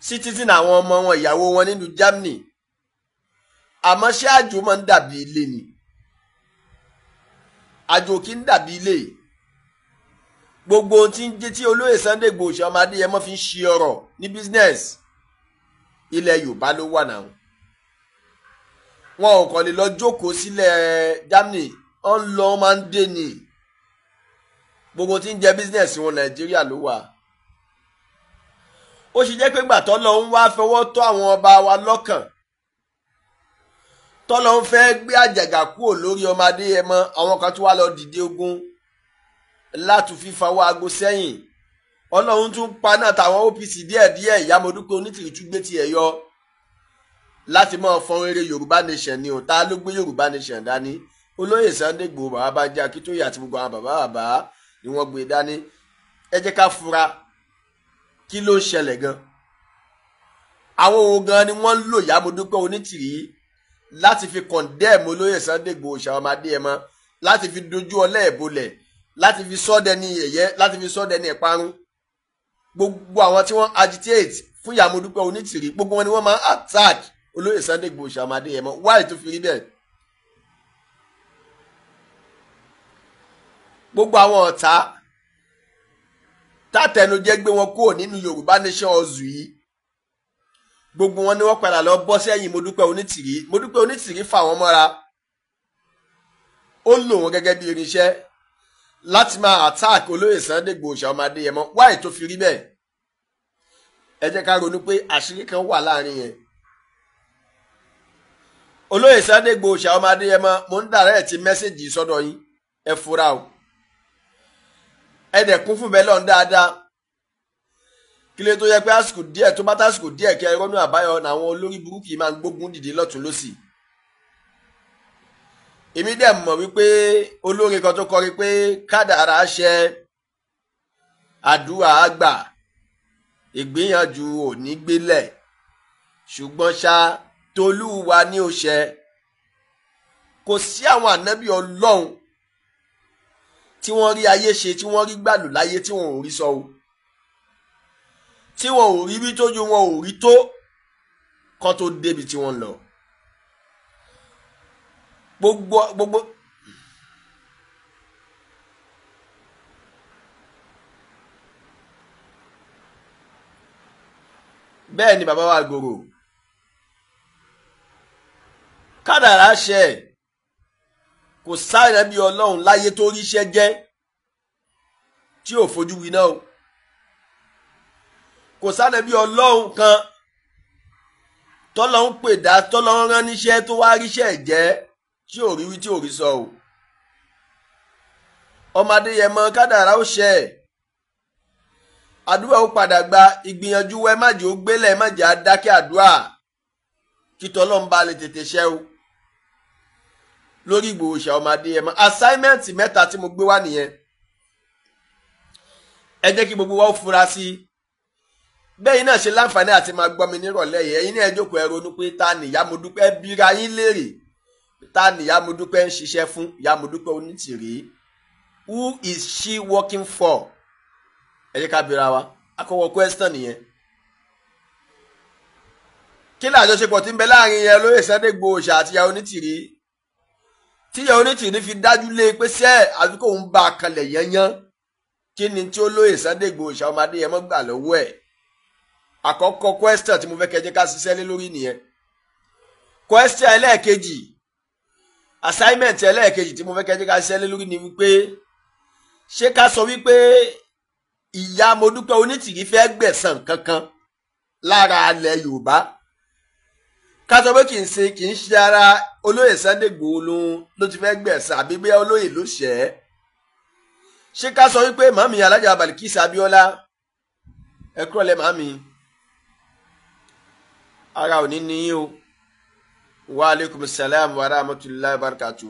citizen àwọn ọmọ wọn ìyàwó wọn nílùú germany àmọ́ ṣé àjò máa ń dàbí ilé ni àjò kì í dàbí ilé yìí gbogbo ohun tí ń jẹ́ tí olóyè Sunday Igboho ọmọ Adéyẹmọ fi ń ṣe ọ̀rọ̀ ní business ilẹ̀ Yorùbá ló wà náà wọn ò kàn lè lọ jókòó sílẹ̀ Germany wọn lọ máa ń dé ni gbogbo tí ń jẹ́ business wọn Nàìjíríà ló wà ó ṣe jẹ́ pé gbà tọ́lọ́ ń wá fọwọ́ tó àwọn ọba wa lọ́kàn tọ́lọ́ ń fẹ́ gbé àjàgà kúrò lórí ọmọ Adéyẹmọ àwọn kan tó wá lọ dìde ogun láti fífawọ́ aago sẹ́yìn ọlọ́run tún paná tàwọn OPC díẹ̀díẹ̀ ìyá Modúpẹ́ Onítìrí tún gbé tiẹ̀ yọ láti máa fọn eré Yorùbá Nation ni ò ta ló gbé Yorùbá Nation dání olóyè Sunday Igboho bàbá bá jẹ́ Akíntóyè àti gbogbo àwọn bàbá bàbá ni wọ́n gbé dání ẹ jẹ́ ká fura kí ló ń ṣẹlẹ̀ gan àwọn ohun gan ni wọ́n ń lò ìyá Modúpẹ́ Onítìrí láti fi kọ̀ndẹ́ẹ̀mù olóyè Sunday Igboho ṣàwọn ọmọdé ẹ mọ́ láti fi dojú ọlẹ́ẹ̀bọlẹ̀ láti fi sọ́dẹ ní ẹ̀yẹ láti fi sọ́dẹ ní ìparun gbogbo àwọn tí wọ́n agitate fún Ìyàmọ̀dúpẹ́ Onítìrí gbogbo wọn ni wọ́n máa ń attack olóyè Sunday Igboho Ṣàmù Adéyẹmọ wáì tó fi rí bẹ́ẹ̀. gbogbo àwọn ọ̀tá tàtẹnujẹ gbé wọn kúrò nínú Yorùbá Nation ọ̀zù yìí gbogbo wọn ni wọ́n padà lọ bọ́ sẹ́yìn Modúpẹ́ Onítìrí Modúpẹ́ Onítìrí fà wọ́n mọ́ra ó lò wọ́n gẹ́gẹ́ bí irinṣẹ́ láti máa attack olóyè Sunday Igboho Ṣàwọn Adéyẹmọ wáyé tó fi rí bẹ́ẹ̀ ẹ jẹ́ ká ronú pé àṣírí kan wà láàrin yẹn olóyè Sunday Igboho Ṣàwọn Adéyẹmọ mo ń direct mẹ́sẹ̀gì sọ́dọ̀ yín ẹ fura o ẹ dẹ̀ kún fún bẹ́ẹ̀ lọ́n dáadáa kí lè tó yẹ pé àsìkò díẹ̀ tó bá tásìkò díẹ̀ kí ẹ rọ́nú àbáyọ làwọn olórí burúkú yìí máa ń gbógun dìde lọ́tún lọ́sì èmi dẹ̀ mọ̀ wípé olórin kan tó kọrin pé kádàrá ṣẹ àdúrà àgbà ìgbìyànjú ò ní gbélẹ̀ ṣùgbọ́n ṣá tolúwa ní ó ṣẹ kò sí àwọn ànábì ọlọ́run tí wọ́n rí ayé ṣe tí wọ́n rí gbàlù láyé tí wọ́n ò rí sọ o tí wọ́n ò rí bí tójú wọn ò rí tó kan tó débi tí wọ́n lọ gbogbo gbogbo bẹ́ẹ̀ ni bàbá wa gbòòrò kádàrá ṣe kò sáré bí ọlọ́run láyé tó ríṣẹ́ jẹ́ tí ò fojú winá o kò sáré bí ọlọ́run kan tọ́lọ́run pè dá tọ́lọ́run rán níṣẹ́ tó wá ríṣẹ́ jẹ́ tí ò rí wí tí ò rí sọ o ọmọ Adéyẹmọ kádàrá ó ṣẹ àdúrà ó padà gba ìgbìyànjú wẹ májè ó gbélé májè á dákẹ́ àdúrà kítọ ọlọmọba lè tètè ṣẹ o lórí Ìgbòho Òòṣà ọmọ Adéyẹmọ assignment mẹ́ta tí mo gbé wá nìyẹn ẹ jẹ́ kí gbogbo wa ó fura sí i bẹ́ẹ̀ náà ṣe láǹfààní àti máa gbọ́ mi nírọ̀lẹ́ yìí ẹ̀yin ní ẹ jókòó ẹ ronú pé ta nìyá mo dúpẹ́ bíra yín léèrè ta ni ìyá ń ṣiṣẹ́ fún ìyá Onítìrí who is she working for ẹ jẹ́ ká bira wa akọwọ́ question nìyẹn kí ni àjọṣepọ̀ tí ń bẹ láàrin yẹn olóyè Sunday Igboho Òòṣà àti ìyá Onítìrí tí ìyá Onítìrí fi dájú lé pé sẹ́ẹ̀ àfi kóun bá a kanlẹ̀ yányán kí ni tí olóyè Sunday Igboho Òòṣà ọmọ Adéyẹmọ gbà lọ́wọ́ ẹ̀ àkọ́kọ́ question tí mo fẹ́ kẹ́ ká ṣiṣẹ́ lé lórí nìyẹn question ẹlẹ́ẹ̀kejì assignment ẹlẹ́ẹ̀kejì tí mo fẹ́ kẹ́jọ́ ká ṣiṣẹ́ lé lórí ni wípé ṣé ká sọ wípé ìyá Modúpẹ́ Onítìrí fẹ́ gbẹ̀san kankan lára alẹ̀ Yorùbá ká sọ pé kì í ṣe kì í ṣe ara olóyè Sunday Igboho ló ti fẹ́ gbẹ̀san àbí bẹ́ẹ̀ olóyè ló ṣẹ̀ ẹ́ ṣé ká sọ wípé màmí alájà Balkis Abíọ́lá ẹ kúrọ̀lẹ́ màmí ara ò ní níyìn o waaleykum salaam wa rahmatulahi barakatu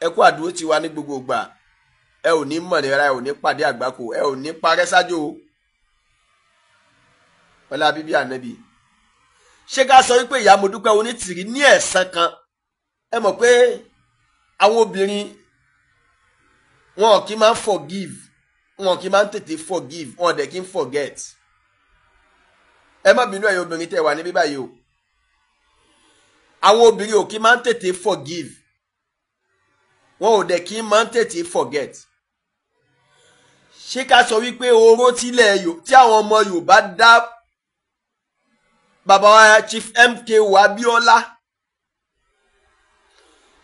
ẹ kú àdúró tí wa ní gbogbo gbà ẹ ò ní mọ̀ nira ẹ ò ní pàdé àgbákò ẹ ò ní parẹ́ ṣáájú o ọlá ànábì ṣé ká sọ wípé ìyá Modúpẹ́ Onítìrí ní ẹ̀sán kan ẹ mọ̀ pé àwọn obìnrin wọn kì í máa forgive wọn kì í máa tètè forgive wọn dẹ̀ kì í forget ẹ má bínú ẹ̀yin obìnrin tẹ̀ wà níbí báyìí o àwọn obìnrin ò kí máa ń tètè forgive wọn ò dẹ̀ kí máa ń tètè forget ṣé ká sọ wípé oró tílẹ̀ tí àwọn ọmọ Yorùbá dá bàbá wa Chief MKO Abíọ́lá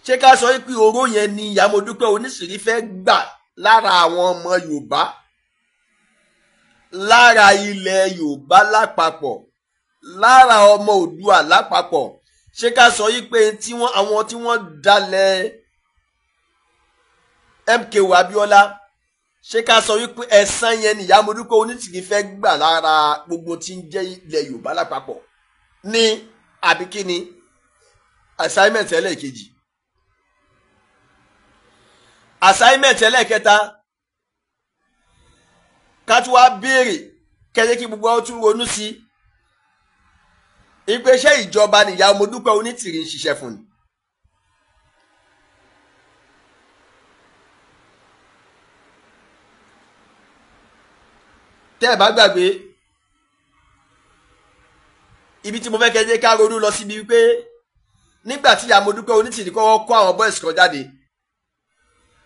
ṣé ká sọ wípé oró yẹn ni Ìyámọ̀dúpẹ́ Onísìrí fẹ́ gbà lára àwọn ọmọ Yorùbá lára ilẹ̀ Yorùbá lápapọ̀ lára ọmọ Oòduà lápapọ̀ ṣé ká sọ yí pé tí wọ́n àwọn tí wọ́n dalẹ̀ MKO Abiola ṣé ká sọ wípé ẹ̀san yẹn ni ìyá Modúpẹ́ Onítìrí fẹ́ gbà lára gbogbo tí ń jẹ́ ilẹ̀ Yorùbá lápapọ̀ ní àbí ni assignment ẹlẹ́ẹ̀kejì assignment ẹlẹ́ẹ̀kẹta ká tún wá béèrè kẹ́jẹ́ gbogbo ọtún ronú sí i ìgbésẹ̀ ìjọba nìyá ọmọdúpẹ́ onítìrì ń ṣiṣẹ́ fún ni. tẹ́ ẹ̀ bá gbàgbé ibi tí mo fẹ́ kẹ́jẹ́ ká ronú lọ síbi pé nígbà tí àmọ̀dúpẹ́ onítìrí kọ́kọ́ kó àwọn boys kan jáde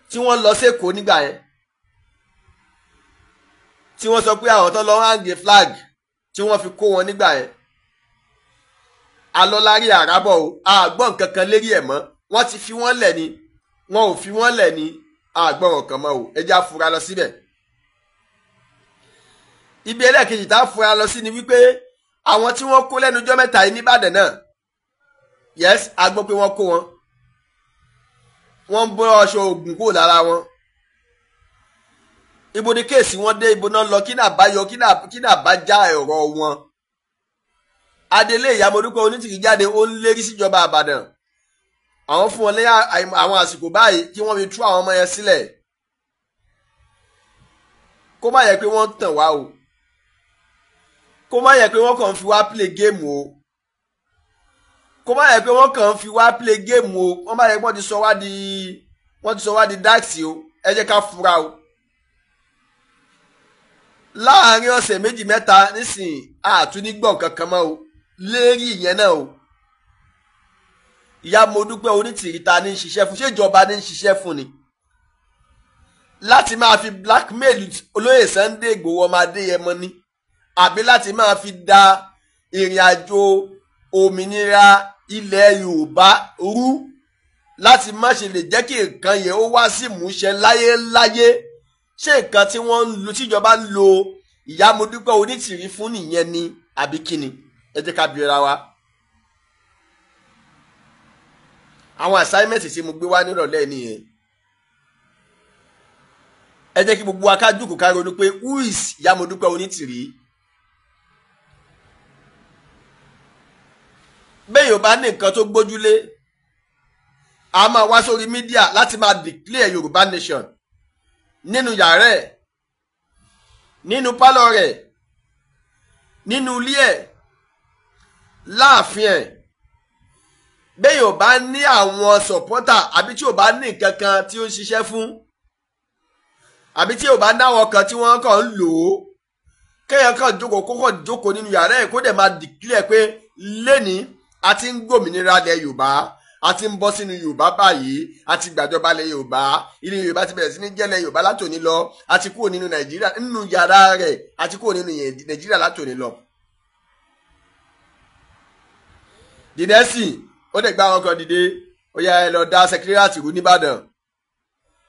tí wọ́n lọ sẹ́kọ̀ọ́ nígbà yẹn tí wọ́n sọ pé àwọn tó lọ hang the flag tí wọ́n fi kó wọn nígbà yẹn alọ́lárí àràbọ̀ o àgbọ̀n kankan lérí ẹ̀ mọ́ wọ́n ti fi wọ́n lẹ̀ ni wọn ò fi wọ́n lẹ̀ ni àgbọ̀n ọ̀kan mọ́ o ẹja fura lọ síbẹ̀. ibi ẹlẹ́ẹ̀kejì tá a fura lọ sí ni wípé àwọn tí wọ́n kó lẹ́nu jọ́ mẹ́ta yìí nìbàdàn náà yes a gbọ́ pé wọ́n kó wọn wọ́n ń bọ́ ọṣọ oògùn kúrò lára wọn ibo ni kéèsì wọn dé ibo náà lọ kí náà bá yọ kí náà bá já ẹ̀rọ wọn adelé ìyàmọ̀dúpẹ́ onítìrì jáde ó ń lérí síjọba àbàdàn àwọn fún wọn lẹ́yìn àwọn àsìkò báyìí kí wọ́n fi tú àwọn ọmọ yẹn sílẹ̀ kó má yẹ pé wọ́n ń tàn wá o kó má yẹ pé wọ́n kàn fi wá play game o kó má yẹ pé wọ́n kàn fi wá play game o wọ́n má yẹ pé wọ́n ti sọ wá di wọ́n ti sọ wá di dáàtì o ẹ jẹ́ ká fura o láàárín ọ̀sẹ̀ méjì mẹ́ta nísìnyí àtúnígbọ̀n kankan mọ́ o lérí ìyẹn náà o ìyá Modúpẹ́ Onítìríta ní ń ṣiṣẹ́ fún ṣèjọba ní ń ṣiṣẹ́ fún ni láti máa fi blackmail olóyè Sunday Ìgbòho ọmọ Adéyẹmọ ni àbí láti máa fi da ìrìn àjò òmìnira ilẹ̀ Yorùbá rú láti má ṣe lè jẹ́ kí nǹkan yẹn ó wá sí ìmúṣẹ láyéláyé ṣé nǹkan tí wọ́n ń lo tíjọba ń lo ìyá Modúpẹ́ Onítìrí fún nìyẹn ni àbí kíni ẹ jẹ́ ká bira wa àwọn assignment tí mo gbé wá nírọ̀lẹ́ nìyẹn ẹ jẹ́ kí gbogbo akájùkù ká ronú pé who is Yamodúpẹ́ Onítìrí bẹ́ẹ̀ ò bá ní nǹkan tó gbójúlé a máa wá sórí mídíà láti máa declare Yorùbá nation nínú yàrá ẹ̀ nínú pálọ̀ rẹ̀ nínú ilé ẹ̀ láàfin ẹ̀ bẹ́ẹ̀ ò bá ní àwọn sọ̀pọ́tà àbí tí ò bá ní nǹkan kan tí ó ń ṣiṣẹ́ fún àbí tí ò bá náwọn kan tí wọ́n kàn ń lò ó kéèyàn kàn jókòó kó kàn jókòó nínú yàrá ẹ̀ kó dẹ̀ máa dìkílẹ̀ pé lẹ́ni a ti ń gbòmìnira lẹ̀ Yorùbá a ti ń bọ́ sínú Yorùbá báyìí a ti gbàjọba lẹ̀ Yorùbá ilé Yorùbá ti bẹ̀rẹ̀ sí ní jẹ́ Yorùbá látòní lọ a kúrò nínú Nàìjíríà nínú yàrá rẹ̀ a kúrò nínú Nàìjíríà látòní lọ dìde sí ó dẹ̀ gbá wọn kan dìde ó yá ẹ lọ dá sẹkírẹ́tì rú nìbàdàn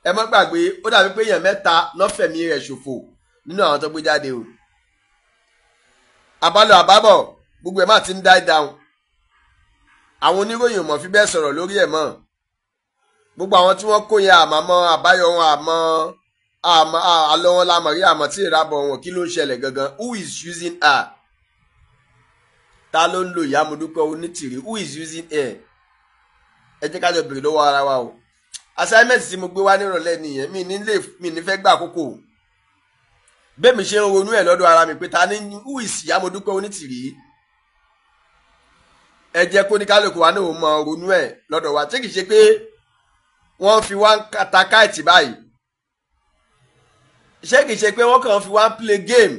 ẹ mọ́ gbàgbé ó dàbí pé èèyàn mẹ́ta lọ́fẹ̀mí rẹ̀ ṣòfò nínú àwọn tó gbé jáde o àbálọ àbábọ̀ gbogbo ẹ̀ má ti ń dá dáhùn àwọn oníròyìn ò mọ̀ fi bẹ́ẹ̀ sọ̀rọ̀ lórí ẹ̀ mọ́ gbogbo àwọn tí wọ́n kó yẹn àmàmọ́ àbáyọ wọn àmọ́ àlọ́ wọn la mọ̀ rí àmọ́ tí ìrabọ̀ wọn kí ló ń ṣẹlẹ̀ gangan who is using her ta ló ń lo ìyá Modúpẹ́ Onítìrí who is using air ẹ jẹ́ ká jọ bèrè lọ́wọ́ ara wa o assignment tí mo gbé wá nírọ̀lẹ́ nìyẹn mi ní lè mi ní fẹ́ gbà àkókò bẹ́ẹ̀ mi ṣe ń ronú ẹ̀ lọ́dọ̀ ara mi pé ta ni who is ìyá Modúpẹ́ Onítìrí ẹ jẹ́ kó ní kálukú wa náà mọ ronú ẹ̀ lọ́dọ̀ wa tí kì í ṣe pé wọ́n fi wá ń kata káìtì báyìí ṣé kì í ṣe pé wọ́n kàn fi wá ń play game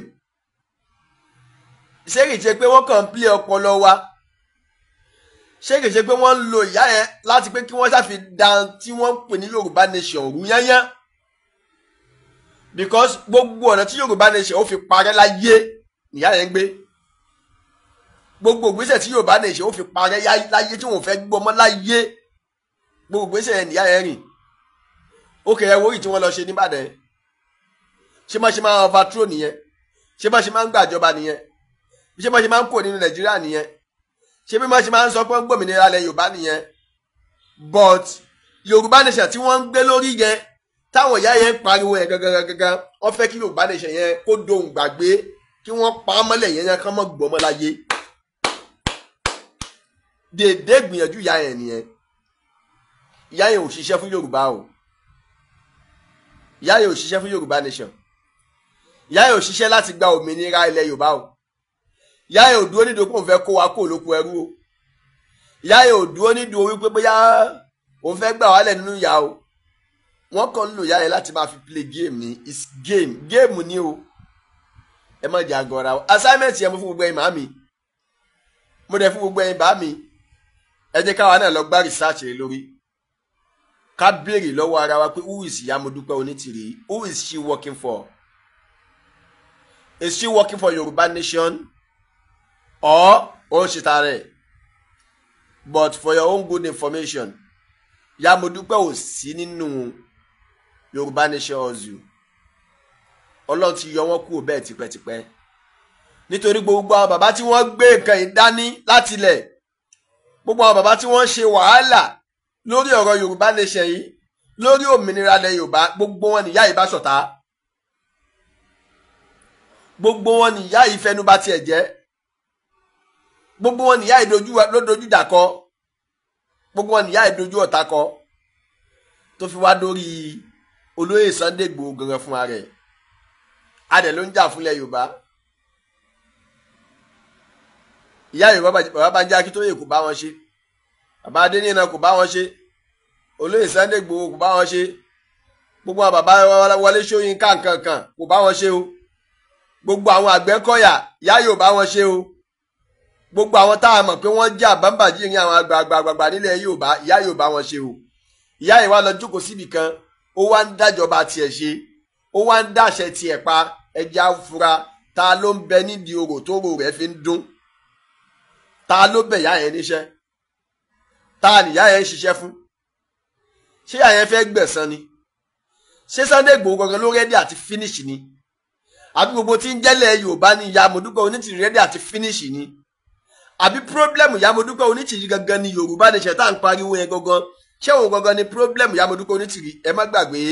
ṣé kìí ṣe pé wọ́n kàn ń plé ọpọlọ wa ṣé kìí ṣe pé wọ́n ń lo ìyá yẹn láti pé kí wọ́n ṣàfi dan tí wọ́n ń pè ní yorùbá nation òru yányán because gbogbo ọ̀nà tí yorùbá nation ó fi parẹ́ láyé ìyá yẹn ń gbé gbogbo ìgbésẹ̀ tí yorùbá nation ó fi parẹ́ láyé tí wọ́n fẹ́ gbọmọ láyé gbogbo ìgbésẹ̀ yẹn ìyá yẹn rìn ó kẹ̀yẹ́ wórì tí wọ́n lọ ṣe níbàdàn ṣé má ṣe máa overthrow nìyẹn ṣé má ṣe máa ń gbàjọba nìyẹn ṣé bọ́n ṣe máa ń kó nínú nàìjíríà nìyẹn ṣé bí wọ́n ṣe máa ń sọ pé ń gbòmìnira ilẹ̀ yorùbá nìyẹn but yorùbá nation tí wọ́n ń gbé lórí yẹn táwọn ìyá yẹn ń pariwo yẹn gangan gangan wọ́n fẹ́ kí yorùbá nation yẹn kó dohùn gbàgbé kí wọ́n pa á mọ́lẹ̀ yẹn yẹn kán mọ́ gbọ́mọ́ láyé dèdè gbìyànjú ìyá yẹn nìyẹn ìyá yẹn ò ṣiṣẹ́ fún yorùbá o ìyá yẹn ò ṣiṣẹ́ fún yorùbá nation ìyá yẹn ò ṣiṣẹ́ láti gba òmìnira ilẹ̀ yorùbá o ìyá ẹ̀ ò dúró nídòó pé òun fẹ́ kó wa kó olóko ẹrú o ìyá ẹ̀ ò dúró nídòó wípé bóyá òun fẹ́ gbà wálẹ̀ nínú ìyá o wọ́n kàn ń lò ìyá ẹ̀ láti máa fi play game ni it's game game ni o ẹ má jẹ́ àgọ́ra o assignment yẹn mo fún gbogbo ẹ̀yin màá mi mo dẹ̀ fún gbogbo ẹ̀yin bá mi ẹ jẹ́ káwa náà lọ gbá research rẹ lórí ká béèrè lọ́wọ́ ara wa pé who is ìyá mo dúpẹ́ onítìrí who is she working for? Is she working for Yoruba nation? or ó oh, ṣe but for your own good information Yamodúpẹ́ ò sí nínú Yorùbá Nation Hustle Ọlọ́run ti yọ wọ́n kúrò bẹ́ẹ̀ tipẹ́tipẹ́ nítorí gbogbo àwọn bàbá tí wọ́n gbé nǹkan yìí dání láti ilẹ̀ gbogbo àwọn bàbá tí wọ́n ṣe wàhálà lórí ọ̀rọ̀ Yorùbá Nation yìí lórí òmìnira ilẹ̀ Yorùbá gbogbo wọn nìyá yìí bá ṣọ̀tá gbogbo wọn nìyá yìí fẹnu bà tiẹ̀ jẹ́ gbogbo wọn nìyá ìdojú ló dojú ìjà kọ gbogbo wọn nìyá ìdojú ọ̀tá kọ tó fi wá dórí olóyè Sunday Igboho gangan fúnra rẹ̀ adẹ̀ ló ń jà fúnlẹ̀ Yorùbá ìyá Yorùbá bàbá Bánjí Akíntóyè kò bá wọn ṣe bàbá Adéníyì náà kò bá wọn ṣe olóyè Sunday Igboho kò bá wọn ṣe gbogbo àwọn bàbá Wọlé Ṣóyínká kankan kò bá wọn ṣe o gbogbo àwọn Àgbẹ̀kọ̀yà ìyá Yorùbá wọn ṣe o gbogbo àwọn tá a mọ̀ pé wọ́n jà bámbà jí ìrìn àwọn àgbààgbààgbà nílẹ̀ yorùbá ìyá yorùbá wọn ṣe o ìyá yìí wá lọ jókòó síbì kan ó wá ń dájọba tiẹ̀ ṣe ó wá ń dáṣẹ tiẹ̀ pa ẹja fura ta ló ń bẹ nídìí orò tó rò rẹ̀ fi ń dún ta ló bẹ̀ ìyá yẹn níṣẹ́ ta nìyá yẹn ń ṣiṣẹ́ fún ṣé ìyá yẹn fẹ́ gbẹ̀san ni ṣé Sunday Igboho gangan ló rẹ́dí àti finish ni àbí gbogbo tí ń jẹ́lẹ̀ yorùbá ni ìyá mọ̀dúgbò onítìrì àti finish ni àbí pírọ́blẹ́mù Yàmọ̀dúpẹ́ Onítìrí gangan ni Yorùbá Nation tá à ń pariwo yẹn gangan ṣé òun gangan ni pírọ́blẹ́mù Yàmọ̀dúpẹ́ Onítìrí ẹ má gbàgbé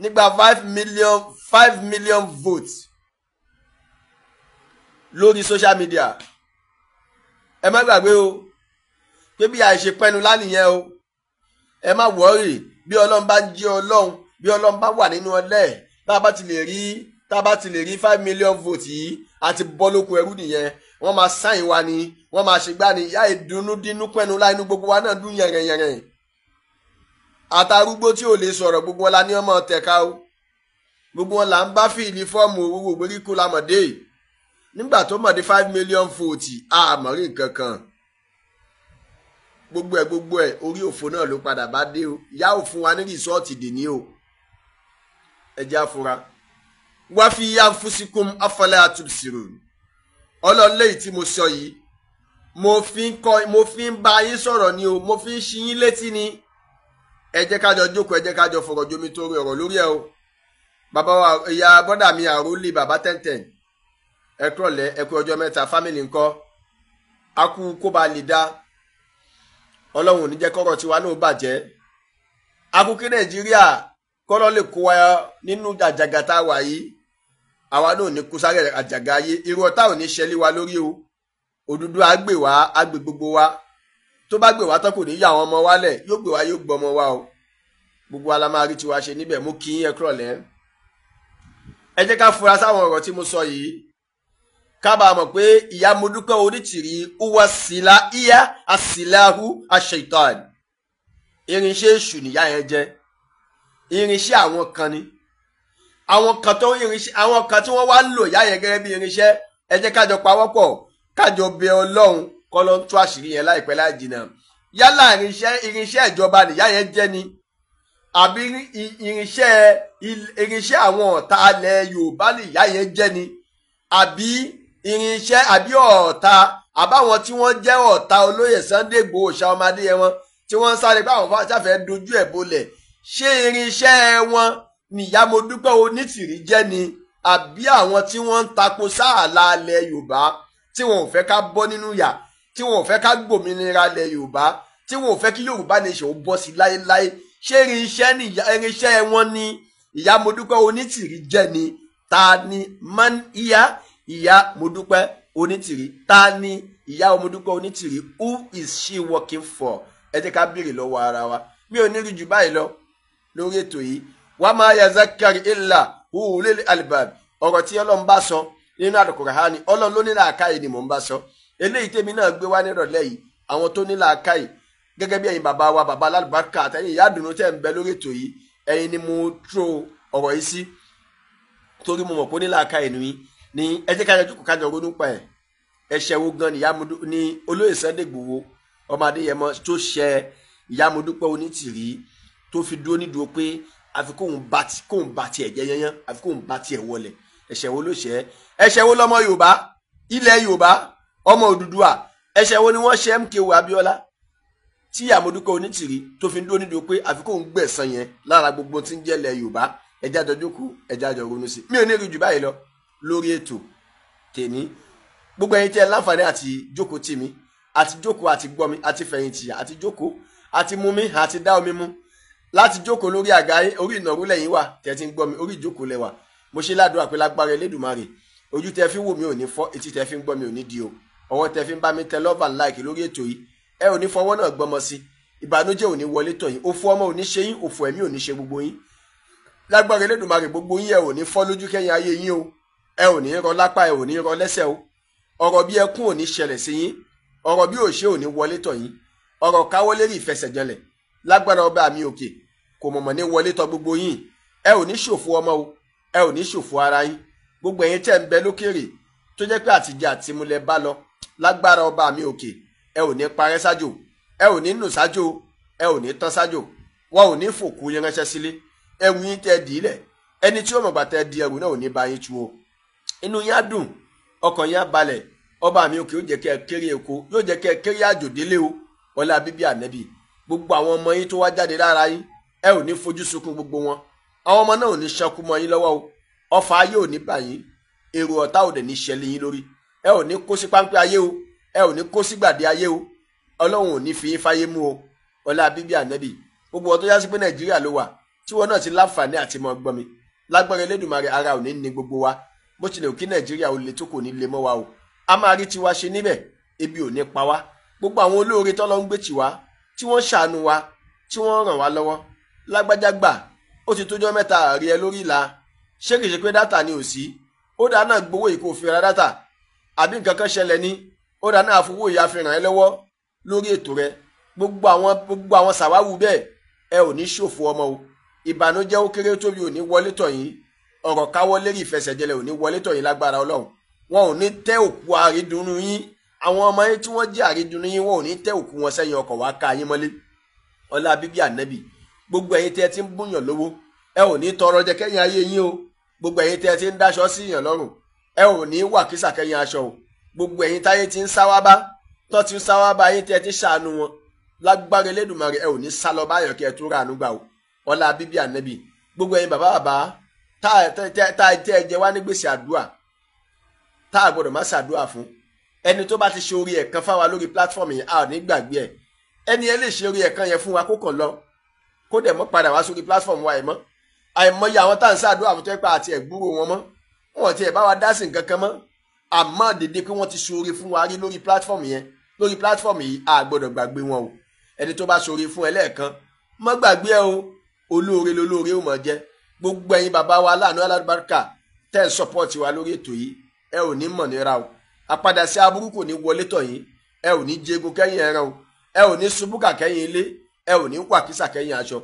nígbà five million five million votes lórí social media ẹ má gbàgbé o pé bí àìṣe pẹ́nu lánìyẹn o ẹ má wọ́ọ̀rì bí ọlọ́run bá jẹ́ ọlọ́run bí ọlọ́run bá wà nínú ọlẹ́ tá a bá ti lè rí tá a bá ti lè rí five million votes yìí àti bọ́ lóko ẹrú nìyẹn wọ́n máa sáyìn wa ni wọ́n máa ṣègbà ni ìyá ìdùnnúdínú pẹ̀lú láì inú gbogbo wa náà dún yẹ̀rẹ̀yẹ̀rẹ̀ àtàrúgbó tí ò lè sọ̀rọ̀ gbogbo wọn la ní ọmọ tẹ̀ka o gbogbo wọn là ń bá fìlì fọ́ọ̀mù owó gbèríko la mọ̀dé nígbà tó mọ̀dé five million fòtì àmọ́rí kankan gbogbo ẹ̀ gbogbo ẹ̀ orí òfo náà ló padà bá dé o ìyá ò fún wa ní rìsọ́ọ̀tì dèní o ẹ̀jẹ̀ àfura wáfi yá fúsíkùm afọlẹ́ àtúnṣe rò ọlọ́run léyìí tí mo sọ yìí mo fi ń kọ́ mo fi ń bá yín sọ̀rọ̀ ni o mo fi ń ṣí yín létí ni ẹ jẹ́ ká jọ jókòó ẹ jọ fọ̀rọ̀ jomi tó rí ọ̀rọ̀ lórí ẹ o bàbá wa ìyá mi àrólé bàbá tẹ̀ǹtẹ̀ǹ ẹ kúrọ̀lẹ́ ẹ kú ọjọ́ mẹ́ta fámìlì ńkọ́ a kú kó ba lè ọlọ́run ò ní jẹ́ kọ́rọ̀ tiwa náà bàjẹ́ a kú àwa náà ní kú sáré àjàgà ayé irú ọ̀tá ò ní ṣẹlí wa lórí o òdúdú àgbè wá àgbè gbogbo wa tó bá gbè wá tán kò ní yà àwọn ọmọ wa lẹ̀ yóò gbè wá yóò gbọ́ ọmọ wa o gbogbo wa la máa rí tiwa ṣe níbẹ̀ mú kí yín ẹ kúrọ̀lẹ́ ẹ jẹ́ ká fura sáwọn ọ̀rọ̀ tí mo sọ yìí kábàámọ̀ pé ìyá modúkọ́ onítìrí uwa sila iya asilahu aṣeitan irinṣẹ́ èṣù nìyá yẹn jẹ́ irinṣẹ́ àwọn kan ni àwọn kan tó irinṣẹ́ àwọn kan tí wọ́n wá ń lò ìyá yẹn gẹ́gẹ́ bí irinṣẹ́ ẹ jẹ́ kájọ pawọ́pọ̀ kájọ bẹ ọlọ́run kọ́ ló ń tú àṣírí yẹn láìpẹ́ láì jìnnà yálà irinṣẹ́ irinṣẹ́ ìjọba nìyá yẹn jẹ́ ni àbí irinṣẹ́ irinṣẹ́ àwọn ọ̀tá alẹ̀ Yorùbá nìyá yẹn jẹ́ ni àbí irinṣẹ́ àbí ọ̀tá àbáwọn tí wọ́n jẹ́ ọ̀tá olóyè Sunday ṣá ọmọdé yẹn wọn tí wọ́n sáré báwọn fáṣáfẹ́ dojú ẹ̀ bolẹ̀ ṣé irinṣẹ́ wọn nìyá mo dúpẹ́ onítìrí jẹ́ ni àbí àwọn tí wọ́n ń tako sáàlà alẹ̀ yorùbá tí wọn ò fẹ́ ká bọ́ nínú yà tí wọn ò fẹ́ ká gbòmìnira alẹ̀ yorùbá tí wọn ò fẹ́ kí yorùbá nation ó bọ́ sí láéláé ṣé irinṣẹ́ ni irinṣẹ́ wọn ni ìyá mo dúpẹ́ onítìrí jẹ́ ni ta ni man iya ìyá mo dúpẹ́ onítìrí ta ni ìyá mo dúpẹ́ onítìrí who is she working for ẹ jẹ́ ká béèrè lọ́wọ́ ara wa mi ò ní rí jù báyìí lọ lórí ètò yìí wa ma yazakkar illa ulil albab ọ̀rọ̀ tí ọlọ́run bá sọ nínú àdùkùránì ọlọ́run ló ní làákàyè ni mò ń bá sọ eléyìí tèmi náà gbé wá nírọ̀lẹ́ yìí àwọn tó ní làákàyè gẹ́gẹ́ bí ẹ̀yin bàbá wa bàbá alábàákà àtẹ̀yìn ìyá àdùnnú tẹ̀ ń bẹ lórí ètò yìí ẹ̀yin ni mo tró ọ̀rọ̀ yìí sí torí mo mọ̀ pé ó ní làákàyè ni ní ẹ jẹ́ kájọ jókòó kájọ ronú pa ẹ̀ ẹ̀ṣẹ̀ wo gan ni ìyámudu olóyè Sunday àfi kóun bá ti kóun bá tiẹ̀ jẹ́ yányán àfi kóun bá tiẹ̀ wọlé ẹ̀ṣẹ̀ wo ló ṣe é ẹ̀ṣẹ̀ wo lọmọ Yorùbá ilẹ̀ Yorùbá ọmọ Odùduwà ẹ̀ṣẹ̀ wo ni wọ́n ṣe MKO Abiola tí àmọ̀dúkọ̀ onítìrí tó fi ń dúró nídìí pé àfi kóun gbẹ̀san yẹn lára gbogbo tí ń jẹ́ ilẹ̀ Yorùbá ẹja jọ jókòó ẹja jọ ronú sí mi ò ní rí jù báyìí lọ lórí ètò tèmi gbogbo ẹ̀yin tẹ́ láǹfààní àti jókòó tì mí àti jókòó àti gbọ́ mi àti fẹ̀yìntì àti jókòó àti mú mi àti dá omi mú láti jókòó lórí àga orí ìnàró lẹ́yìn wà tẹ́ ti ń gbọ́ mi orí ìjókòó lẹ́wà mo ṣe ládùúrà pé lágbára Elédùmarè ojú tẹ́ fi wò mí ò ní fọ́ etí tẹ́ fi ń gbọ́ mi ò ní di o ọwọ́ tẹ́ fi ń bá mi tẹ love and like lórí ètò yìí ẹ ò ní fọwọ́ náà gbọ́mọ sí ìbànújẹ́ ò ní wọlé tọ̀ yín òfò ọmọ ò ní ṣe yín òfò ẹ̀mí ò ní ṣe gbogbo yín lágbára Elédùmarè gbogbo yín ẹ ò ní fọ́ lójú kẹ́yìn ayé yín o ẹ ò ní rọ lápá ẹ ò ní rọ lẹ́sẹ̀ o lágbára ọba mi òkè kò mọ̀mọ̀ ní wọlé tọ̀ gbogbo yín ẹ ò ní ṣòfò ọmọ o ẹ ò ní ṣòfò ara yín gbogbo ẹ̀yin tẹ̀ ń bẹ lókèrè tó jẹ́ pé àtijọ́ àtimúlẹ̀ bá lọ lágbára ọba mi òkè ẹ ò ní parẹ́ sájò ẹ ò ní nù sájò ẹ ò ní tán sájò wọn ò ní fòkú yẹn ránṣẹ́ sílé ẹrù yín tẹ́ dì í lẹ̀ ẹni tí ó mọ̀ gbà tẹ́ di ẹrù náà ò ní ba yín tu o inú yín á dùn ọkàn yín balẹ̀ ọba mi òkè yóò jẹ́ kẹ́ ẹ kéré èkó yóò jẹ́ kẹ́ ẹ kéré àjò o ọlá bíbí ànẹ́bí gbogbo àwọn ọmọ yín tó wá jáde lára yín ẹ ò ní fojú sunkún gbogbo wọn àwọn ọmọ náà ò ní ṣẹkú mọ́ yín lọ́wọ́ o ọfà ayé ò ní bà yín èrò ọ̀tá ò dẹ̀ ní ṣẹlẹ̀ yín lórí ẹ ò ní kó sí páńpẹ́ ayé o ẹ ò ní kó sí gbàdé ayé o ọlọ́run ò ní fi yín fáyé mú o ọlá bíbí ànẹ́bì gbogbo ọ̀tọ́ yá sí pé nàìjíríà ló wà tí wọn náà ti láǹfààní àti mọ gbọ́n mi lágbára elédùnmarè ara ò ní ní gbogbo wa bó tilẹ̀ òkí nàìjíríà ò lè tó kò ní lè mọ́ wa o a máa rí tiwa ṣe níbẹ̀ ebi ò ní pa wá gbogbo àwọn olóore tọ́lọ́ ń gbé tiwa tí wọ́n ṣàánú wa tí wọ́n ràn wá lọ́wọ́ lágbájá gbà ó ti tójọ́ mẹ́ta rí ẹ lórí ìlà ṣé kìí ṣe pé dátà ni ò sí ó dáa náà gbowó yìí o fi ra dátà àbí nǹkan kan ṣẹlẹ̀ ní ó dáa náà fowó yìí àfihàn ẹ lọ́wọ́ lórí ètò rẹ gbogbo àwọn gbogbo àwọn sàwáwù bẹ́ẹ̀ ẹ ò ní ṣòfò ọmọ o ìbànújẹ́ ó kéré tóbi ò ní wọlé tọ̀ yín ọ̀rọ̀ káwọ́ lérí ìfẹsẹ̀jẹlẹ̀ ò ní wọlé tọ̀ yín lágbára ọlọ́run wọn ò ní tẹ́ òkú àrídùnnú yín àwọn ọmọ yín tí wọ́n jẹ́ àrídùnnú yín wọn ò ní tẹ́ òkú wọn sẹ́yìn ọkọ̀ wá ká yín mọ́lé ọlá bíbí ànẹ́bì gbogbo ẹyin tí ẹ ti ń búyàn lówó ẹ ò ní tọrọ jẹ kẹ́yìn ayé yín o gbogbo ẹyin tí ẹ ti ń daṣọ sí yàn lọ́rùn ẹ ò ní wà kísà aṣọ o gbogbo ẹyin táyé ti ń sáwá bá tó ti ń sáwá bá ayé tí ẹ ti ṣàánú wọn lágbára Elédùmarè ẹ ò ní báyọ̀ kí ẹ tún gbà o ọlá bíbí gbogbo bàbá bàbá tá ẹ tẹ́ ẹ jẹ wá a má fún ẹni a ò ní gbàgbé ẹ ẹni ẹ lè ṣe orí ẹ̀kan yẹn fún wa lọ kó dẹ̀ mọ́ padà wá sórí platform wa ẹ̀ mọ́ àìmọye àwọn tá à ń ṣàdúrà fún tó yẹ pé àti ẹ̀gbúrò wọn mọ́ wọn ti ẹ̀ bá wa dá sí nǹkan kan mọ́ àmọ́ dédé pé wọ́n ti ṣoore fún wa rí lórí platform yẹn lórí platform yìí a gbọ́dọ̀ gbàgbé wọn o ẹni tó bá ṣoore fún ẹ lẹ́ẹ̀kan mọ́ gbàgbé ẹ o olóore lolóore ó mọ̀ jẹ́ gbogbo ẹ̀yin bàbá wa láàánú alábàárkà tẹ́ ẹ̀ sọ́pọ́ọ̀tì wa lórí ètò yìí ẹ ò ní mọ̀ nira o àpadà sí aburú kò ní wọlé tọ̀ yín ẹ ò ní jẹgun kẹ́yìn ẹran o ẹ ò ní ṣubú kà ilé ẹ ò ní wà kísà kẹ́yìn aṣọ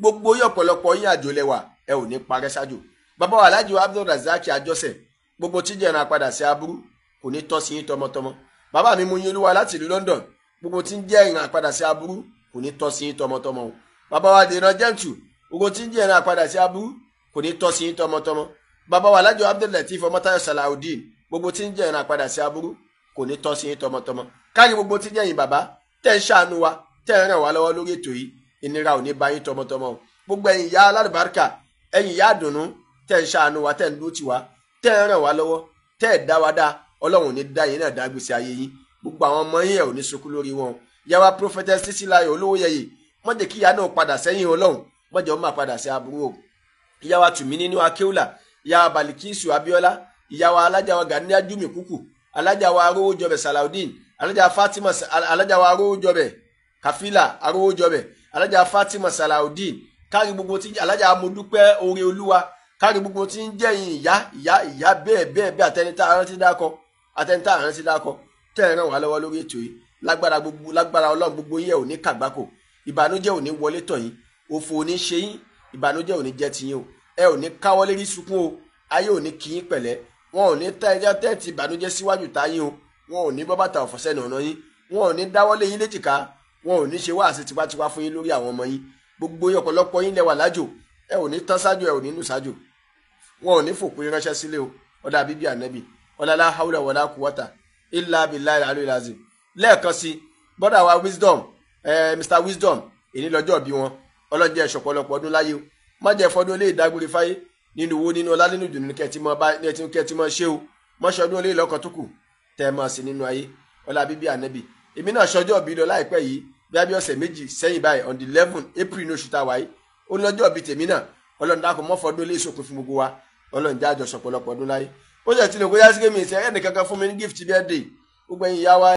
gbogbo yín ọ̀pọ̀lọpọ̀ yín àjò lẹ́wà ẹ ò ní parẹ́ ṣáájú bàbá wa aláàjì Abdul Razak àjọsẹ gbogbo tíjẹ̀ràn padà sí aburú kò ní tọ́ sí yín tọmọtọmọ bàbá mi mú yín olúwa láti ìlú London gbogbo tí ń jẹ́ ìrìn àpadà sí aburú kò ní tọ́ sí yín tọmọtọmọ o bàbá wa dènà jẹ́ǹtù gbogbo tí ń jẹ́ ìrìn àpadà sí aburú kò ní tọ́ sí yín tọmọtọmọ bàbá wa alájọ abdullatif ọmọtayọ salawudeen gbogbo tí ń jẹ́ ìrìn àpadà sí aburú kò ní tọ́ sí yín tọmọtọmọ káàkiri gbogbo tí ń jẹ́ bàbá tẹ̀ ń ṣàánú wa tẹ́ ń ràn wá lọ́wọ́ lórí ètò yìí ìnira ò ní bá yín tọmọtọmọ o gbogbo ẹ̀yin ìyá alárùbáríkà ẹ̀yin ìyá àdùnnú tẹ́ ń ṣàánú wa tẹ́ ń dúró tì wá tẹ́ ń ràn wá lọ́wọ́ tẹ́ ẹ̀ dá wa dá ọlọ́run ò ní dá yín náà dá gbèsè ayé yín gbogbo àwọn ọmọ yín ẹ̀ ò ní sunkún lórí wọn yàrá prophetess Títílayọ̀ olówó yẹyẹ má kí ìyá náà padà sẹ́yìn wa tùmí nínú akéwùlà ìyá wa balikisu wa alájà wa ganiya jumi kuku alájà wa arówójọbẹ salaudeen alájà fatima alájà wa kàfílà arówójọbẹ alájà fatima salaudeen kárí gbogbo tí alájà amodúpẹ́ orí olúwa kárí gbogbo tí ń jẹ́yìn ìyá ìyá ìyá bẹ́ẹ̀ bẹ́ẹ̀ bẹ́ẹ̀ àtẹnitá arántí dákọ àtẹnitá arántí dákọ tẹ́ ẹ̀ ràn wá lọ́wọ́ lórí ètò yìí lágbára gbogbo lágbára ọlọ́run gbogbo yẹ̀ ò ní kàgbákò ìbànújẹ́ ò ní wọlé tọ̀ yín òfò ò ní ṣe yín ìbànújẹ́ ò ní jẹ́ tiyín o ẹ ò ní lérí sunkún o ayé ò kì í pẹ̀lẹ́ wọn ò ní tẹ́ ẹjọ́ tẹ́ẹ̀tì ìbànújẹ́ síwájú táyín o wọn ò ní bọ́ bàtà ọ̀fọ̀sẹ́nu ọ̀nà yín wọn ò ní yín léjìká wọn ò ní ṣe wáàsí tipátipá fún yín lórí àwọn ọmọ yín gbogbo yín ọ̀pọ̀lọpọ̀ yín lẹ wà lájò ẹ ò ní tán sájò ẹ ò ní nù sájò wọn ò ní fòpin ránṣẹ́ sílé o ọ̀dà bíbí ànẹ́bì ọ̀làlá haúlẹ̀ wọ̀lá kùwọ́tà ilà abilà alóyinazim lẹ́ẹ̀kan sí bọ́dà wa wisdom eh, mr wisdom èyí lọ́jọ́ bí wọn ọlọ́jẹ́ ṣọ̀pọ̀lọpọ̀ ọdún láyé o má jẹ́ fọdún olè ìdágbére fáyé nínú owó nínú ọlá nínú ìdùnnú kẹtí mọ ṣé o mọ́ṣọdún olè lọ́kàn tó kù tẹ́ ẹ mọ̀ sí bí ọ̀sẹ̀ méjì sẹ́yìn báyìí on the eleven april ní oṣù tá a wáyé ó ní ọjọ́ bíi tèmi náà ọlọ́run dákun mọ́fọdún ilé ìsòkun fún gbogbo wa ọlọ́run já àjọṣọ pọ̀lọpọ̀ ọdún láyé ó sì ti lè kó yá sí kémi ìsẹ́ ẹnìkankan fún mi ní gift birthday gbogbo ẹ̀yin yá wa